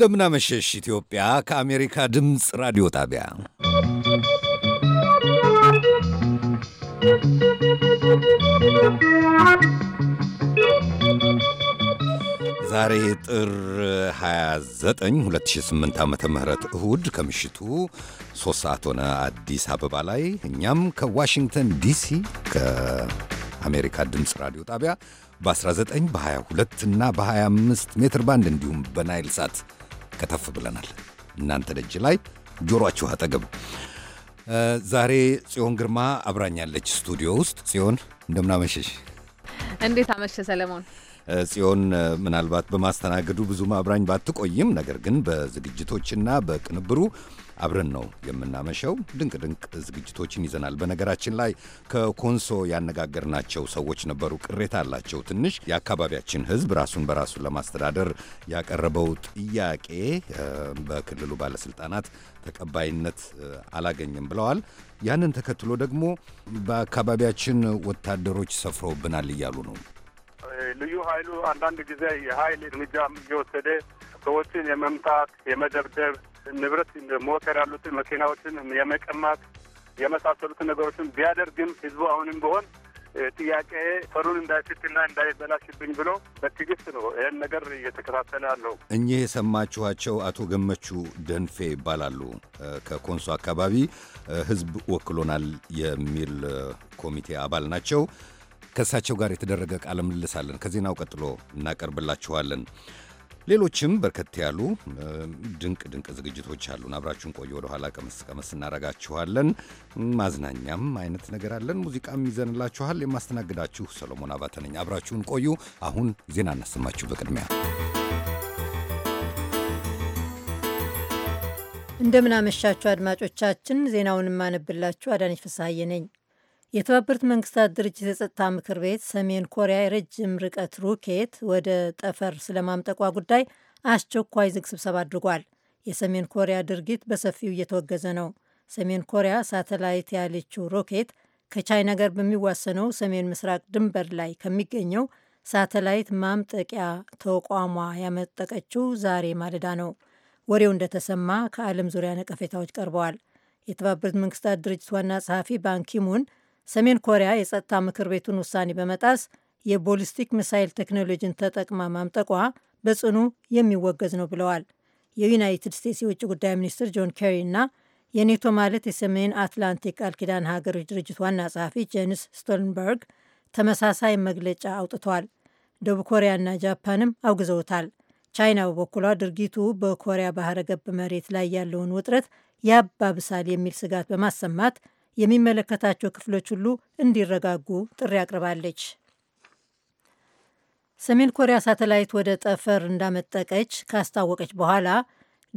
እንደምናመሸሽ ኢትዮጵያ ከአሜሪካ ድምፅ ራዲዮ ጣቢያ ዛሬ ጥር 29 2008 ዓ ም እሁድ ከምሽቱ 3 ሰዓት ሆነ አዲስ አበባ ላይ። እኛም ከዋሽንግተን ዲሲ ከአሜሪካ ድምፅ ራዲዮ ጣቢያ በ19 በ22 እና በ25 ሜትር ባንድ እንዲሁም በናይል ሳት ከተፍ ብለናል። እናንተ ደጅ ላይ ጆሮአችሁ አጠገብ። ዛሬ ጽዮን ግርማ አብራኛለች ስቱዲዮ ውስጥ። ጽዮን እንደምናመሸሽ። እንዴት አመሸ ሰለሞን? ጽዮን ምናልባት በማስተናገዱ ብዙም አብራኝ ባትቆይም ነገር ግን በዝግጅቶችና በቅንብሩ አብረን ነው የምናመሸው። ድንቅ ድንቅ ዝግጅቶችን ይዘናል። በነገራችን ላይ ከኮንሶ ያነጋገርናቸው ሰዎች ነበሩ። ቅሬታ አላቸው። ትንሽ የአካባቢያችን ሕዝብ ራሱን በራሱ ለማስተዳደር ያቀረበው ጥያቄ በክልሉ ባለስልጣናት ተቀባይነት አላገኘም ብለዋል። ያንን ተከትሎ ደግሞ በአካባቢያችን ወታደሮች ሰፍረውብናል እያሉ ነው። ልዩ ኃይሉ አንዳንድ ጊዜ የኃይል እርምጃም እየወሰደ ሰዎችን የመምታት የመደብደብ ንብረት ሞተር ያሉትን መኪናዎችን የመቀማት የመሳሰሉትን ነገሮችን ቢያደርግም ህዝቡ አሁንም ቢሆን ጥያቄ ፈሩን እንዳይስትና እንዳይበላሽብኝ ብሎ በትዕግስት ነው ይህን ነገር እየተከታተለ ያለው። እኚህ የሰማችኋቸው አቶ ገመቹ ደንፌ ይባላሉ። ከኮንሶ አካባቢ ህዝብ ወክሎናል የሚል ኮሚቴ አባል ናቸው። ከእሳቸው ጋር የተደረገ ቃለ ምልልስ አለን፣ ከዜናው ቀጥሎ እናቀርብላችኋለን። ሌሎችም በርከት ያሉ ድንቅ ድንቅ ዝግጅቶች አሉን። አብራችሁን ቆዩ። ወደ ኋላ ቀመስ ቀመስ እናረጋችኋለን። ማዝናኛም አይነት ነገር አለን። ሙዚቃም ይዘንላችኋል። የማስተናግዳችሁ ሰሎሞን አባተ ነኝ። አብራችሁን ቆዩ። አሁን ዜና እናሰማችሁ። በቅድሚያ እንደምናመሻችሁ አድማጮቻችን፣ ዜናውን የማነብላችሁ አዳነች ፍስሐዬ ነኝ። የተባበሩት መንግስታት ድርጅት የጸጥታ ምክር ቤት ሰሜን ኮሪያ የረጅም ርቀት ሮኬት ወደ ጠፈር ስለማምጠቋ ጉዳይ አስቸኳይ ዝግ ስብሰባ አድርጓል። የሰሜን ኮሪያ ድርጊት በሰፊው እየተወገዘ ነው። ሰሜን ኮሪያ ሳተላይት ያለችው ሮኬት ከቻይና ጋር በሚዋሰነው ሰሜን ምስራቅ ድንበር ላይ ከሚገኘው ሳተላይት ማምጠቂያ ተቋሟ ያመጠቀችው ዛሬ ማለዳ ነው። ወሬው እንደተሰማ ከዓለም ዙሪያ ነቀፌታዎች ቀርበዋል። የተባበሩት መንግስታት ድርጅት ዋና ጸሐፊ ባንኪሙን ሰሜን ኮሪያ የጸጥታ ምክር ቤቱን ውሳኔ በመጣስ የቦሊስቲክ ሚሳይል ቴክኖሎጂን ተጠቅማ ማምጠቋ በጽኑ የሚወገዝ ነው ብለዋል። የዩናይትድ ስቴትስ የውጭ ጉዳይ ሚኒስትር ጆን ኬሪ እና የኔቶ ማለት የሰሜን አትላንቲክ ቃል ኪዳን ሀገሮች ድርጅት ዋና ጸሐፊ ጄንስ ስቶልንበርግ ተመሳሳይ መግለጫ አውጥተዋል። ደቡብ ኮሪያና ጃፓንም አውግዘውታል። ቻይና በበኩሏ ድርጊቱ በኮሪያ ባህረ ገብ መሬት ላይ ያለውን ውጥረት ያባብሳል የሚል ስጋት በማሰማት የሚመለከታቸው ክፍሎች ሁሉ እንዲረጋጉ ጥሪ አቅርባለች። ሰሜን ኮሪያ ሳተላይት ወደ ጠፈር እንዳመጠቀች ካስታወቀች በኋላ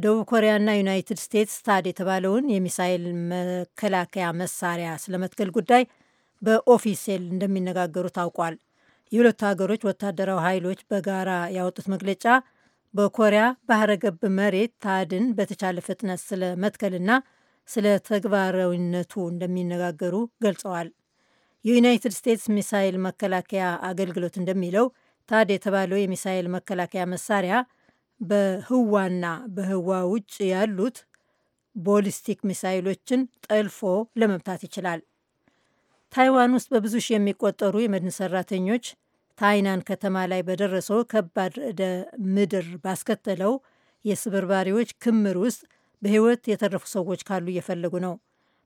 ደቡብ ኮሪያና ዩናይትድ ስቴትስ ታድ የተባለውን የሚሳይል መከላከያ መሳሪያ ስለመትከል ጉዳይ በኦፊሴል እንደሚነጋገሩ ታውቋል። የሁለቱ ሀገሮች ወታደራዊ ኃይሎች በጋራ ያወጡት መግለጫ በኮሪያ ባህረ ገብ መሬት ታድን በተቻለ ፍጥነት ስለመትከልና ስለ ተግባራዊነቱ እንደሚነጋገሩ ገልጸዋል። የዩናይትድ ስቴትስ ሚሳይል መከላከያ አገልግሎት እንደሚለው ታድ የተባለው የሚሳይል መከላከያ መሳሪያ በህዋና በህዋ ውጭ ያሉት ቦሊስቲክ ሚሳይሎችን ጠልፎ ለመምታት ይችላል። ታይዋን ውስጥ በብዙ ሺህ የሚቆጠሩ የመድን ሰራተኞች ታይናን ከተማ ላይ በደረሰው ከባድ ርዕደ ምድር ባስከተለው የስብርባሪዎች ክምር ውስጥ በህይወት የተረፉ ሰዎች ካሉ እየፈለጉ ነው።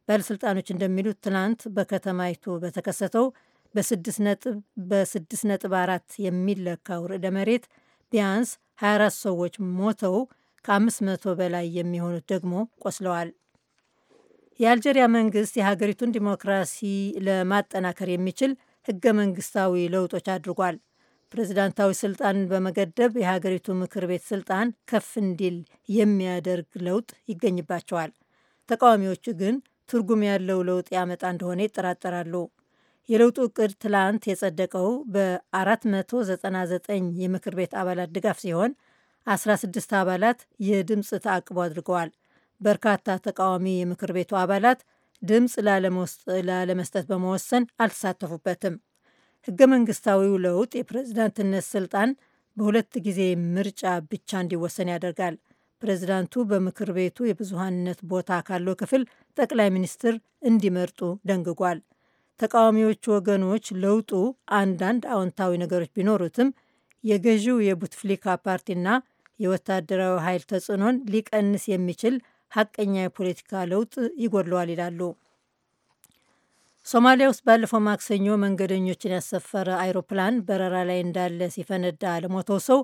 ባለሥልጣኖች እንደሚሉት ትናንት በከተማይቱ በተከሰተው በስድስት ነጥብ አራት የሚለካው ርዕደ መሬት ቢያንስ 24 ሰዎች ሞተው ከ500 በላይ የሚሆኑት ደግሞ ቆስለዋል። የአልጀሪያ መንግስት የሀገሪቱን ዲሞክራሲ ለማጠናከር የሚችል ህገ መንግስታዊ ለውጦች አድርጓል። ፕሬዚዳንታዊ ስልጣንን በመገደብ የሀገሪቱ ምክር ቤት ስልጣን ከፍ እንዲል የሚያደርግ ለውጥ ይገኝባቸዋል። ተቃዋሚዎቹ ግን ትርጉም ያለው ለውጥ ያመጣ እንደሆነ ይጠራጠራሉ። የለውጡ እቅድ ትላንት የጸደቀው በ499 የምክር ቤት አባላት ድጋፍ ሲሆን 16 አባላት የድምፅ ተአቅቦ አድርገዋል። በርካታ ተቃዋሚ የምክር ቤቱ አባላት ድምፅ ላለመስጠት በመወሰን አልተሳተፉበትም። ህገ መንግስታዊው ለውጥ የፕሬዝዳንትነት ስልጣን በሁለት ጊዜ ምርጫ ብቻ እንዲወሰን ያደርጋል። ፕሬዝዳንቱ በምክር ቤቱ የብዙሃንነት ቦታ ካለው ክፍል ጠቅላይ ሚኒስትር እንዲመርጡ ደንግጓል። ተቃዋሚዎቹ ወገኖች ለውጡ አንዳንድ አዎንታዊ ነገሮች ቢኖሩትም የገዢው የቡትፍሊካ ፓርቲና የወታደራዊ ኃይል ተጽዕኖን ሊቀንስ የሚችል ሀቀኛ የፖለቲካ ለውጥ ይጎድለዋል ይላሉ። ሶማሊያ ውስጥ ባለፈው ማክሰኞ መንገደኞችን ያሰፈረ አይሮፕላን በረራ ላይ እንዳለ ሲፈነዳ ለሞተው ሰው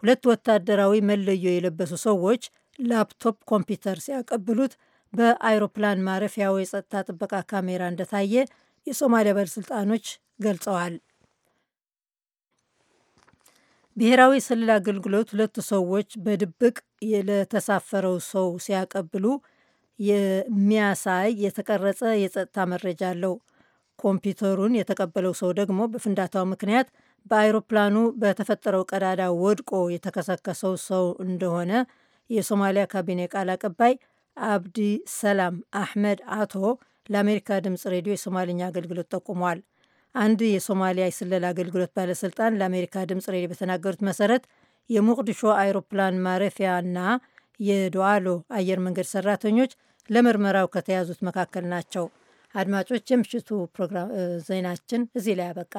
ሁለት ወታደራዊ መለዮ የለበሱ ሰዎች ላፕቶፕ ኮምፒውተር ሲያቀብሉት በአይሮፕላን ማረፊያው የጸጥታ ጥበቃ ካሜራ እንደታየ የሶማሊያ ባለሥልጣኖች ገልጸዋል። ብሔራዊ የስለላ አገልግሎት ሁለቱ ሰዎች በድብቅ ለተሳፈረው ሰው ሲያቀብሉ የሚያሳይ የተቀረጸ የጸጥታ መረጃ አለው። ኮምፒውተሩን የተቀበለው ሰው ደግሞ በፍንዳታው ምክንያት በአይሮፕላኑ በተፈጠረው ቀዳዳ ወድቆ የተከሰከሰው ሰው እንደሆነ የሶማሊያ ካቢኔ ቃል አቀባይ አብዲ ሰላም አሕመድ አቶ ለአሜሪካ ድምፅ ሬዲዮ የሶማልኛ አገልግሎት ጠቁሟል። አንድ የሶማሊያ የስለላ አገልግሎት ባለስልጣን ለአሜሪካ ድምፅ ሬዲዮ በተናገሩት መሰረት የሞቅዲሾ አይሮፕላን ማረፊያና የዶዋሎ አየር መንገድ ሰራተኞች ለምርመራው ከተያዙት መካከል ናቸው። አድማጮች፣ የምሽቱ ፕሮግራም ዜናችን እዚህ ላይ አበቃ።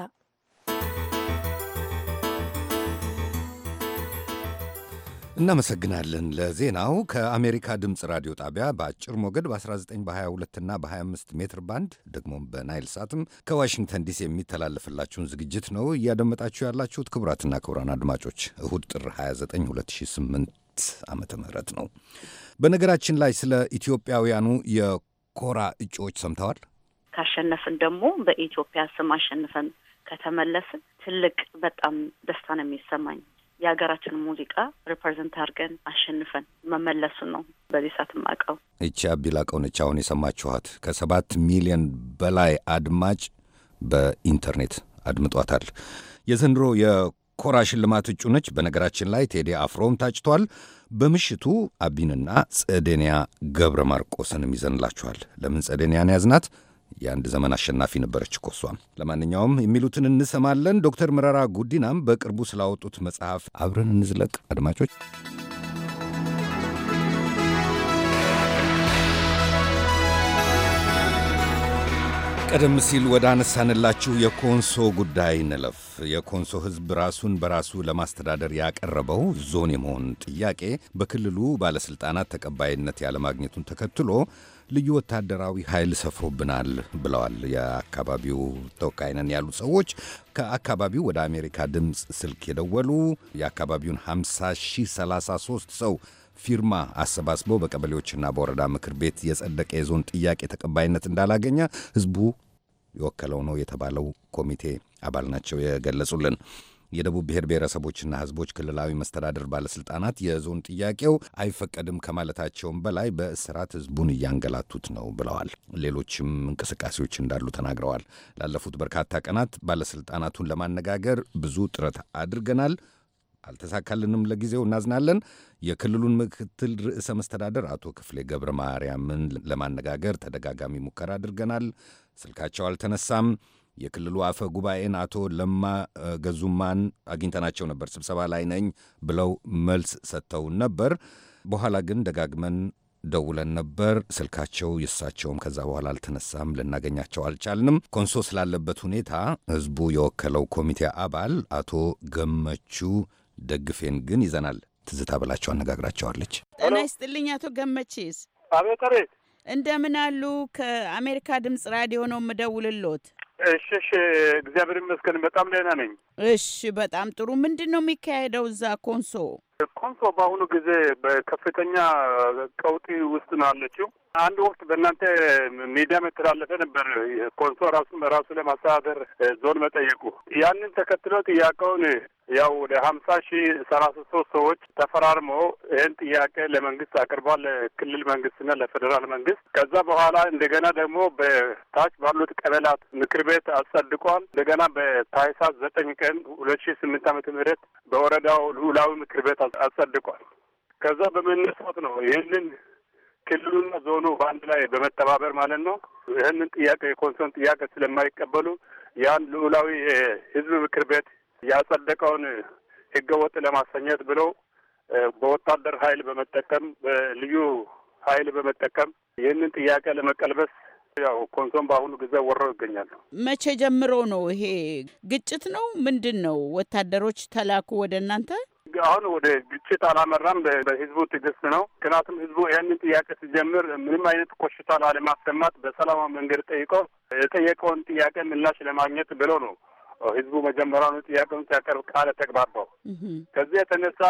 እናመሰግናለን ለዜናው። ከአሜሪካ ድምፅ ራዲዮ ጣቢያ በአጭር ሞገድ በ19 በ22 እና በ25 ሜትር ባንድ ደግሞም በናይል ሳትም ከዋሽንግተን ዲሲ የሚተላለፍላችሁን ዝግጅት ነው እያደመጣችሁ ያላችሁት። ክቡራትና ክቡራን አድማጮች እሁድ ጥር 29 2008 ዓመተ ምህረት ነው። በነገራችን ላይ ስለ ኢትዮጵያውያኑ የኮራ እጩዎች ሰምተዋል? ካሸነፍን ደግሞ በኢትዮጵያ ስም አሸንፈን ከተመለስን ትልቅ በጣም ደስታ ነው የሚሰማኝ። የሀገራችን ሙዚቃ ሪፕሬዘንት አድርገን አሸንፈን መመለሱ ነው። በዚህ ሰዓት ማቀው እቺ አቢላቀው ነች። አሁን የሰማችኋት ከሰባት ሚሊዮን በላይ አድማጭ በኢንተርኔት አድምጧታል። የዘንድሮ ኮራ ሽልማት እጩ ነች። በነገራችን ላይ ቴዲ አፍሮም ታጭቷል። በምሽቱ አቢንና ጸደንያ ገብረ ማርቆስንም ይዘንላችኋል። ለምን ጸደንያን ያዝናት? የአንድ ዘመን አሸናፊ ነበረች እኮ እሷም። ለማንኛውም የሚሉትን እንሰማለን። ዶክተር መረራ ጉዲናም በቅርቡ ስላወጡት መጽሐፍ አብረን እንዝለቅ አድማጮች። ቀደም ሲል ወደ አነሳንላችሁ የኮንሶ ጉዳይ ንለፍ። የኮንሶ ሕዝብ ራሱን በራሱ ለማስተዳደር ያቀረበው ዞን የመሆን ጥያቄ በክልሉ ባለሥልጣናት ተቀባይነት ያለማግኘቱን ተከትሎ ልዩ ወታደራዊ ኃይል ሰፍሮብናል ብለዋል የአካባቢው ተወካይ ነን ያሉ ሰዎች። ከአካባቢው ወደ አሜሪካ ድምፅ ስልክ የደወሉ የአካባቢውን 50 ሰው ፊርማ አሰባስቦ በቀበሌዎችና በወረዳ ምክር ቤት የጸደቀ የዞን ጥያቄ ተቀባይነት እንዳላገኘ ህዝቡ የወከለው ነው የተባለው ኮሚቴ አባል ናቸው የገለጹልን። የደቡብ ብሔር ብሔረሰቦችና ህዝቦች ክልላዊ መስተዳድር ባለስልጣናት የዞን ጥያቄው አይፈቀድም ከማለታቸውም በላይ በእስራት ህዝቡን እያንገላቱት ነው ብለዋል። ሌሎችም እንቅስቃሴዎች እንዳሉ ተናግረዋል። ላለፉት በርካታ ቀናት ባለስልጣናቱን ለማነጋገር ብዙ ጥረት አድርገናል። አልተሳካልንም ለጊዜው እናዝናለን። የክልሉን ምክትል ርዕሰ መስተዳደር አቶ ክፍሌ ገብረ ማርያምን ለማነጋገር ተደጋጋሚ ሙከራ አድርገናል። ስልካቸው አልተነሳም። የክልሉ አፈ ጉባኤን አቶ ለማ ገዙማን አግኝተናቸው ነበር። ስብሰባ ላይ ነኝ ብለው መልስ ሰጥተውን ነበር። በኋላ ግን ደጋግመን ደውለን ነበር። ስልካቸው የእሳቸውም ከዛ በኋላ አልተነሳም። ልናገኛቸው አልቻልንም። ኮንሶ ስላለበት ሁኔታ ህዝቡ የወከለው ኮሚቴ አባል አቶ ገመቹ ደግፌን ግን ይዘናል። ትዝታ ብላቸው አነጋግራቸዋለች። ጤና ይስጥልኝ አቶ ገመቼስ። አቤት እንደምን አሉ? ከአሜሪካ ድምጽ ራዲዮ ነው የምደውልሎት። እሺ እሺ፣ እግዚአብሔር ይመስገን በጣም ደህና ነኝ። እሺ፣ በጣም ጥሩ። ምንድን ነው የሚካሄደው እዛ ኮንሶ? ኮንሶ በአሁኑ ጊዜ በከፍተኛ ቀውጢ ውስጥ ነው አለችው። አንድ ወቅት በእናንተ ሚዲያ የተላለፈ ነበር ኮንሶ ራሱን በራሱ ለማስተዳደር ዞን መጠየቁ። ያንን ተከትሎ ጥያቄውን ያው ወደ ሀምሳ ሺህ ሰላሳ ሶስት ሰዎች ተፈራርሞ ይህን ጥያቄ ለመንግስት አቅርቧል፣ ለክልል መንግስትና ለፌዴራል መንግስት። ከዛ በኋላ እንደገና ደግሞ በታች ባሉት ቀበላት ምክር ቤት አጸድቋል። እንደገና በታህሳስ ዘጠኝ ቀን ሁለት ሺህ ስምንት ዓመተ ምህረት በወረዳው ልዑላዊ ምክር ቤት አጸድቋል። ከዛ በመነሳት ነው ይህንን ክልሉና ዞኑ በአንድ ላይ በመተባበር ማለት ነው ይህንን ጥያቄ የኮንሶን ጥያቄ ስለማይቀበሉ ያን ልዑላዊ የህዝብ ምክር ቤት ያጸደቀውን ህገ ወጥ ለማሰኘት ብሎ በወታደር ኃይል በመጠቀም በልዩ ኃይል በመጠቀም ይህንን ጥያቄ ለመቀልበስ ያው ኮንሶም በአሁኑ ጊዜ ወረው ይገኛሉ። መቼ ጀምሮ ነው ይሄ ግጭት ነው ምንድን ነው? ወታደሮች ተላኩ ወደ እናንተ? አሁን ወደ ግጭት አላመራም። በህዝቡ ትዕግስት ነው። ምክንያቱም ህዝቡ ይህንን ጥያቄ ሲጀምር ምንም አይነት ቆሽታ ላለማሰማት በሰላማዊ መንገድ ጠይቆ የጠየቀውን ጥያቄ ምላሽ ለማግኘት ብሎ ነው ህዝቡ ነው ጥያቄውን ሲያቀርብ ቃለ ተግባባው። ከዚህ የተነሳ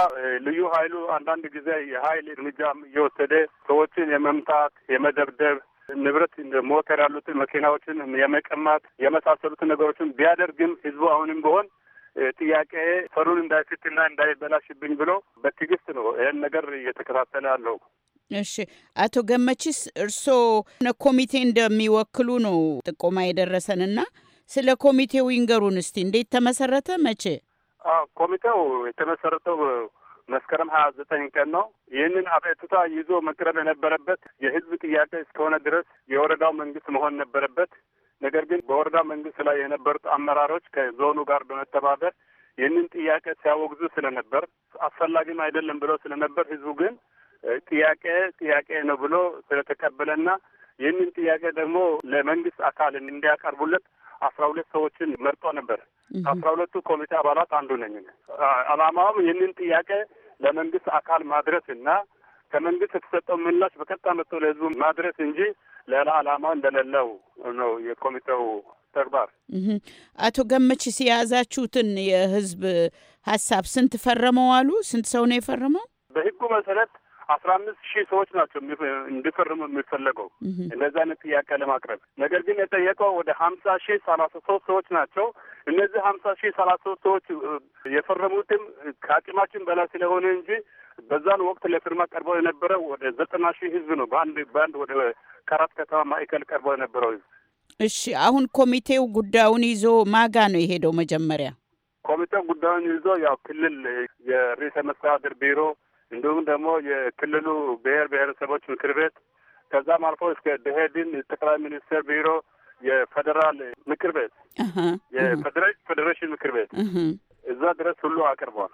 ልዩ ኃይሉ አንዳንድ ጊዜ የኃይል እርምጃ እየወሰደ ሰዎችን የመምታት የመደብደብ ንብረት ሞተር ያሉትን መኪናዎችን የመቀማት የመሳሰሉትን ነገሮችን ቢያደርግም ህዝቡ አሁንም ቢሆን ጥያቄ ፈሩን እንዳይፍትና እንዳይበላሽብኝ ብሎ በትዕግስት ነው ይህን ነገር እየተከታተለ ያለው። እሺ፣ አቶ ገመችስ እርስዎ ኮሚቴ እንደሚወክሉ ነው ጥቆማ የደረሰንና ስለ ኮሚቴው ይንገሩን እስቲ። እንዴት ተመሰረተ? መቼ? ኮሚቴው የተመሰረተው መስከረም ሀያ ዘጠኝ ቀን ነው። ይህንን አቤቱታ ይዞ መቅረብ የነበረበት የህዝብ ጥያቄ እስከሆነ ድረስ የወረዳው መንግስት መሆን ነበረበት። ነገር ግን በወረዳ መንግስት ላይ የነበሩት አመራሮች ከዞኑ ጋር በመተባበር ይህንን ጥያቄ ሲያወግዙ ስለነበር አስፈላጊም አይደለም ብሎ ስለነበር ህዝቡ ግን ጥያቄ ጥያቄ ነው ብሎ ስለተቀበለና ይህንን ጥያቄ ደግሞ ለመንግስት አካል እንዲያቀርቡለት አስራ ሁለት ሰዎችን መርጦ ነበር። ከአስራ ሁለቱ ኮሚቴ አባላት አንዱ ነኝ። አላማውም ይህንን ጥያቄ ለመንግስት አካል ማድረስ እና ከመንግስት የተሰጠው ምላሽ በቀጥታ መጥቶ ለህዝቡ ማድረስ እንጂ ሌላ አላማ እንደሌለው ነው የኮሚቴው ተግባር። አቶ ገመች የያዛችሁትን የህዝብ ሀሳብ ስንት ፈረመው አሉ? ስንት ሰው ነው የፈረመው? በህጉ መሰረት አስራ አምስት ሺህ ሰዎች ናቸው እንዲፈርሙ የሚፈለገው እንደዚህ አይነት ጥያቄ ለማቅረብ ነገር ግን የጠየቀው ወደ ሀምሳ ሺህ ሰላሳ ሶስት ሰዎች ናቸው። እነዚህ ሀምሳ ሺህ ሰላሳ ሶስት ሰዎች የፈረሙትም ከአቅማችን በላይ ስለሆነ እንጂ በዛን ወቅት ለፊርማ ቀርበው የነበረው ወደ ዘጠና ሺህ ህዝብ ነው። በአንድ በአንድ ወደ ከአራት ከተማ ማዕከል ቀርበው የነበረው ህዝብ። እሺ፣ አሁን ኮሚቴው ጉዳዩን ይዞ ማጋ ነው የሄደው መጀመሪያ? ኮሚቴው ጉዳዩን ይዞ ያው ክልል የርዕሰ መስተዳድር ቢሮ እንዲሁም ደግሞ የክልሉ ብሔር ብሔረሰቦች ምክር ቤት ከዛም አልፎ እስከ ደሄድን ጠቅላይ ሚኒስቴር ቢሮ የፌዴራል ምክር ቤት የፌዴሬሽን ምክር ቤት እዛ ድረስ ሁሉ አቅርቧል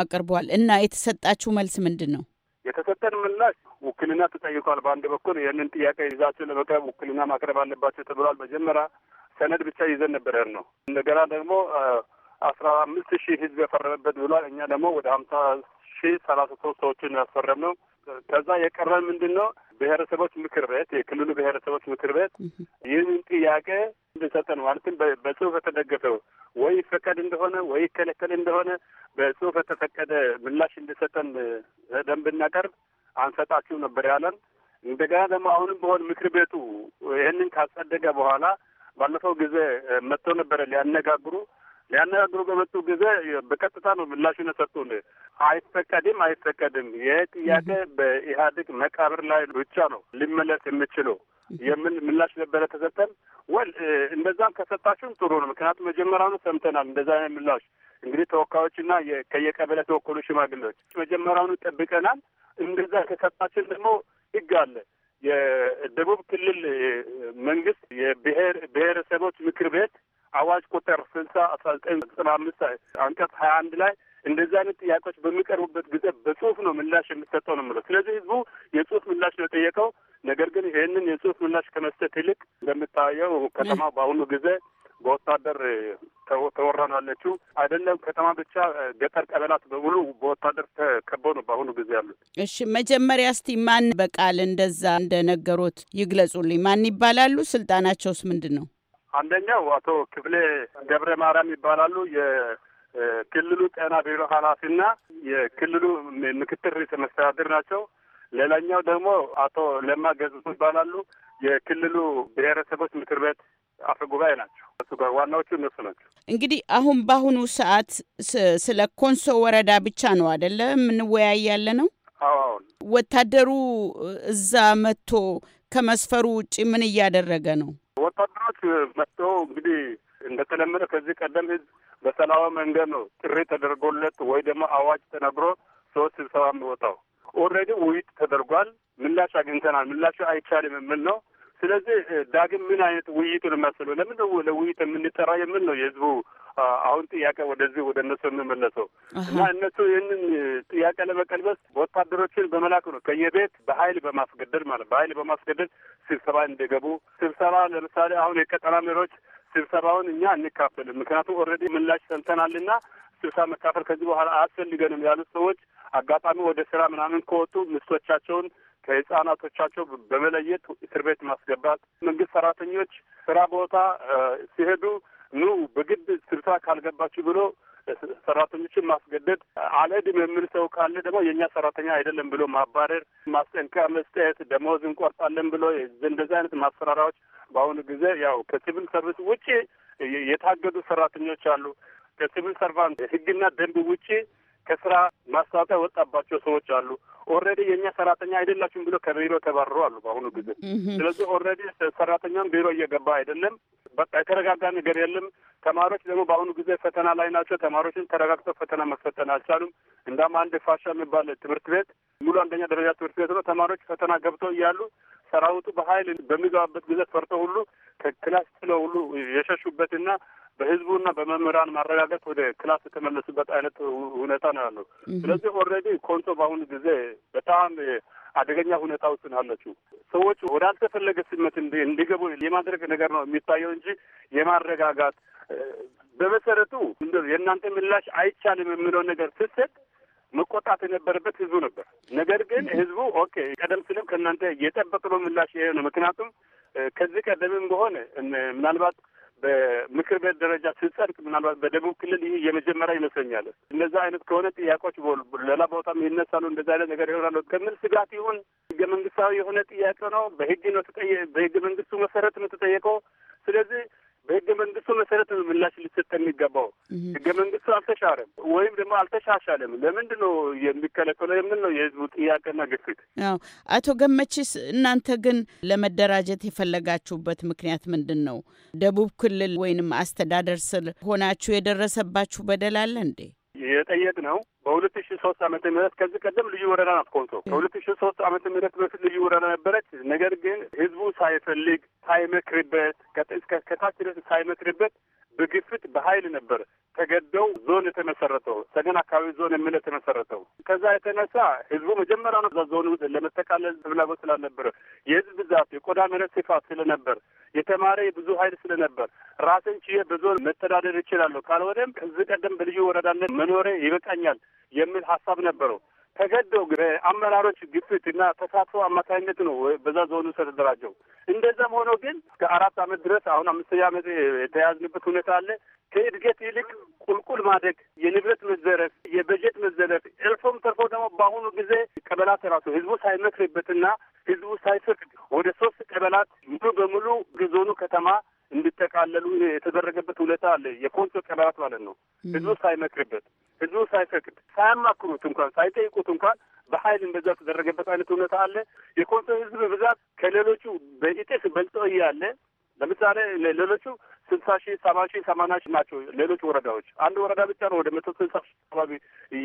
አቅርቧል። እና የተሰጣችሁ መልስ ምንድን ነው? የተሰጠን ምላሽ ውክልና ተጠይቋል። በአንድ በኩል ይህንን ጥያቄ ይዛችሁ ለመቅረብ ውክልና ማቅረብ አለባቸው ተብሏል። መጀመሪያ ሰነድ ብቻ ይዘን ነበረ ነው። እንደገና ደግሞ አስራ አምስት ሺህ ህዝብ የፈረመበት ብሏል። እኛ ደግሞ ወደ ሀምሳ ሺ ሰላሳ ሶስት ሰዎችን ያስፈረም ነው። ከዛ የቀረ ምንድን ነው? ብሔረሰቦች ምክር ቤት የክልሉ ብሔረሰቦች ምክር ቤት ይህንን ጥያቄ እንድሰጠን ማለትም በጽሁፍ የተደገፈው ወይ ይፈቀድ እንደሆነ ወይ ይከለከል እንደሆነ በጽሁፍ የተፈቀደ ምላሽ እንድሰጠን ደንብ ብናቀርብ አንሰጣችሁ ነበር ያለን። እንደገና ደግሞ አሁንም በሆን ምክር ቤቱ ይህንን ካጸደቀ በኋላ ባለፈው ጊዜ መጥተው ነበረ ሊያነጋግሩ ሊያነጋግሩ በመጡ ጊዜ በቀጥታ ነው ምላሹን የሰጡን። አይፈቀድም አይፈቀድም፣ ይህ ጥያቄ በኢህአዴግ መቃብር ላይ ብቻ ነው ሊመለስ የምችለው የምን ምላሽ ነበረ ተሰጠን። ወል እንደዛም ከሰጣችሁም ጥሩ ነው። ምክንያቱም መጀመሪያውኑ ሰምተናል። እንደዛ አይነት ምላሽ እንግዲህ ተወካዮችና ከየቀበለ ተወከሉ ሽማግሌዎች መጀመሪያውኑ ጠብቀናል። እንደዛ ከሰጣችን ደግሞ ህግ አለ። የደቡብ ክልል መንግስት የብሔር ብሔረሰቦች ምክር ቤት አዋጅ ቁጥር ስልሳ አስራ ዘጠኝ ዘጠና አምስት አንቀጽ ሀያ አንድ ላይ እንደዚህ አይነት ጥያቄዎች በሚቀርቡበት ጊዜ በጽሁፍ ነው ምላሽ የሚሰጠው ነው የምለው። ስለዚህ ህዝቡ የጽሁፍ ምላሽ ነው የጠየቀው። ነገር ግን ይህንን የጽሁፍ ምላሽ ከመስጠት ይልቅ እንደምታየው ከተማ በአሁኑ ጊዜ በወታደር ተወራ ነው ያለችው። አይደለም ከተማ ብቻ ገጠር ቀበላት በሙሉ በወታደር ተከበው ነው በአሁኑ ጊዜ ያሉት። እሺ መጀመሪያ እስቲ ማን በቃል እንደዛ እንደነገሮት ይግለጹልኝ። ማን ይባላሉ? ስልጣናቸውስ ምንድን ነው? አንደኛው አቶ ክፍሌ ገብረ ማርያም ይባላሉ። የክልሉ ጤና ቢሮ ኃላፊና የክልሉ ምክትል ርዕሰ መስተዳድር ናቸው። ሌላኛው ደግሞ አቶ ለማ ገጽ ይባላሉ። የክልሉ ብሔረሰቦች ምክር ቤት አፈ ጉባኤ ናቸው። እሱ ጋር ዋናዎቹ እነሱ ናቸው። እንግዲህ አሁን በአሁኑ ሰዓት ስለ ኮንሶ ወረዳ ብቻ ነው አደለ የምንወያይ ነው። አሁን ወታደሩ እዛ መጥቶ ከመስፈሩ ውጭ ምን እያደረገ ነው? ወታደሮች መጥተው እንግዲህ እንደተለመደ ከዚህ ቀደም ህዝብ በሰላማዊ መንገድ ነው ጥሪ ተደርጎለት ወይ ደግሞ አዋጅ ተነግሮ ሰዎች ስብሰባ የሚወጣው ኦልሬዲ ውይይት ተደርጓል። ምላሽ አግኝተናል። ምላሹ አይቻልም የምል ነው። ስለዚህ ዳግም ምን አይነት ውይይቱ ነው የማስለው ለምን ነው ለውይይት የምንጠራ የምን ነው የህዝቡ አሁን ጥያቄ ወደዚህ ወደ እነሱ የምመለሰው እና እነሱ ይህንን ጥያቄ ለመቀልበስ ወታደሮችን በመላክ ነው ከየቤት በኃይል በማስገደድ ማለት በኃይል በማስገደድ ስብሰባ እንደገቡ ስብሰባ ለምሳሌ አሁን የቀጠና መሪዎች ስብሰባውን እኛ እንካፈልም፣ ምክንያቱም ኦልሬዲ ምላሽ ሰምተናልና ስብሰባ መካፈል ከዚህ በኋላ አያስፈልገንም ያሉት ሰዎች አጋጣሚ ወደ ስራ ምናምን ከወጡ ምስቶቻቸውን ከህጻናቶቻቸው በመለየት እስር ቤት ማስገባት፣ መንግስት ሰራተኞች ስራ ቦታ ሲሄዱ ኑ በግድ ስብታ ካልገባችሁ ብሎ ሰራተኞችን ማስገደድ፣ አልሄድም የሚል ሰው ካለ ደግሞ የእኛ ሰራተኛ አይደለም ብሎ ማባረር፣ ማስጠንቀቂያ መስጠት፣ ደሞዝ እንቆርጣለን ብሎ እንደዚህ አይነት ማስፈራሪያዎች በአሁኑ ጊዜ ያው ከሲቪል ሰርቪስ ውጪ የታገዱ ሰራተኞች አሉ። ከሲቪል ሰርቫንት ህግና ደንብ ውጪ ከስራ ማስታወቂያ ወጣባቸው ሰዎች አሉ። ኦልሬዲ የእኛ ሰራተኛ አይደላችሁም ብሎ ከቢሮ ተባረሩ አሉ በአሁኑ ጊዜ። ስለዚህ ኦልሬዲ ሰራተኛን ቢሮ እየገባ አይደለም። በቃ የተረጋጋ ነገር የለም። ተማሪዎች ደግሞ በአሁኑ ጊዜ ፈተና ላይ ናቸው። ተማሪዎችን ተረጋግተው ፈተና መፈተን አልቻሉም። እንዳም አንድ ፋሻ የሚባል ትምህርት ቤት ሙሉ አንደኛ ደረጃ ትምህርት ቤት ነው። ተማሪዎች ፈተና ገብተው እያሉ ሰራዊቱ በኃይል በሚገባበት ጊዜ ፈርቶ ሁሉ ከክላስ ጥለው ሁሉ የሸሹበትና በህዝቡና በመምህራን ማረጋገጥ ወደ ክላስ የተመለሱበት አይነት ሁኔታ ነው ያለው። ስለዚህ ኦልሬዲ ኮንሶ በአሁኑ ጊዜ በጣም አደገኛ ሁኔታ ውስጥ ነው ያለችው። ሰዎች ወዳልተፈለገ ስመት እንዲገቡ የማድረግ ነገር ነው የሚታየው እንጂ የማረጋጋት በመሰረቱ የእናንተ ምላሽ አይቻልም የሚለውን ነገር ስትሰጥ መቆጣት የነበረበት ህዝቡ ነበር። ነገር ግን ህዝቡ ኦኬ ቀደም ሲልም ከእናንተ የጠበቅነው ምላሽ ይሄ ነው። ምክንያቱም ከዚህ ቀደምም በሆነ ምናልባት በምክር ቤት ደረጃ ስጸድቅ ምናልባት በደቡብ ክልል ይህ የመጀመሪያ ይመስለኛል። እነዛ አይነት ከሆነ ጥያቄዎች ሌላ ቦታም ይነሳሉ፣ እንደዚ አይነት ነገር ይሆናሉ ከሚል ስጋት ይሁን ህገ መንግስታዊ የሆነ ጥያቄ ነው። በህግ ነው በህገ መንግስቱ መሰረት ነው ተጠየቀው። ስለዚህ ምላሽ ሊሰጥ የሚገባው ህገ መንግስቱ አልተሻረም ወይም ደግሞ አልተሻሻለም። ለምንድን ነው የሚከለከለው የምን ነው የህዝቡ ጥያቄና ግፊት። አዎ አቶ ገመችስ፣ እናንተ ግን ለመደራጀት የፈለጋችሁበት ምክንያት ምንድን ነው? ደቡብ ክልል ወይንም አስተዳደር ስር ሆናችሁ የደረሰባችሁ በደል አለ እንዴ? የጠየቅ ነው በሁለት ሺ ሶስት አመተ ምህረት ከዚህ ቀደም ልዩ ወረዳ ናት ኮንሶ። ከሁለት ሺ ሶስት አመተ ምህረት በፊት ልዩ ወረዳ ነበረች። ነገር ግን ህዝቡ ሳይፈልግ ሳይመክርበት ከታች ድረስ ሳይመክርበት በግፍት በኃይል ነበር ተገደው ዞን የተመሰረተው ሰገን አካባቢ ዞን የሚል የተመሰረተው። ከዛ የተነሳ ህዝቡ መጀመሪያ ነው እዛ ዞን ውስጥ ለመጠቃለል ፍላጎት ስላልነበረ የህዝብ ብዛት፣ የቆዳ መሬት ስፋት ስለነበር፣ የተማረ ብዙ ኃይል ስለነበር ራስን ችዬ በዞን መተዳደር ይችላለሁ፣ ካልሆነም ከዚህ ቀደም በልዩ ወረዳነት መኖሬ ይበቃኛል የሚል ሀሳብ ነበረው። ተገዶ አመራሮች ግፊት እና ተሳትፎ አማካኝነት ነው በዛ ዞኑ ስለተደራጀው። እንደዛም ሆኖ ግን ከአራት አመት ድረስ አሁን አምስተኛ ዓመት የተያዝንበት ሁኔታ አለ። ከእድገት ይልቅ ቁልቁል ማደግ፣ የንብረት መዘረፍ፣ የበጀት መዘረፍ እልፎም ተርፎ ደግሞ በአሁኑ ጊዜ ቀበላት ራሱ ህዝቡ ሳይመክርበትና ህዝቡ ሳይፈቅድ ወደ ሶስት ቀበላት ሙሉ በሙሉ ዞኑ ከተማ እንዲጠቃለሉ የተደረገበት ሁኔታ አለ። የኮንሶ ቀበራት ማለት ነው። ህዝቡ ሳይመክርበት፣ ህዝቡ ሳይፈቅድ፣ ሳያማክሩት እንኳን ሳይጠይቁት እንኳን በሀይል እንደዛ የተደረገበት አይነት ሁኔታ አለ። የኮንሶ ህዝብ ብዛት ከሌሎቹ በኢጤስ በልጦ እያለ ለምሳሌ ሌሎቹ ስልሳ ሺህ ሰባ ሺህ ሰማንያ ሺህ ናቸው። ሌሎች ወረዳዎች አንድ ወረዳ ብቻ ነው ወደ መቶ ስልሳ ሺህ አካባቢ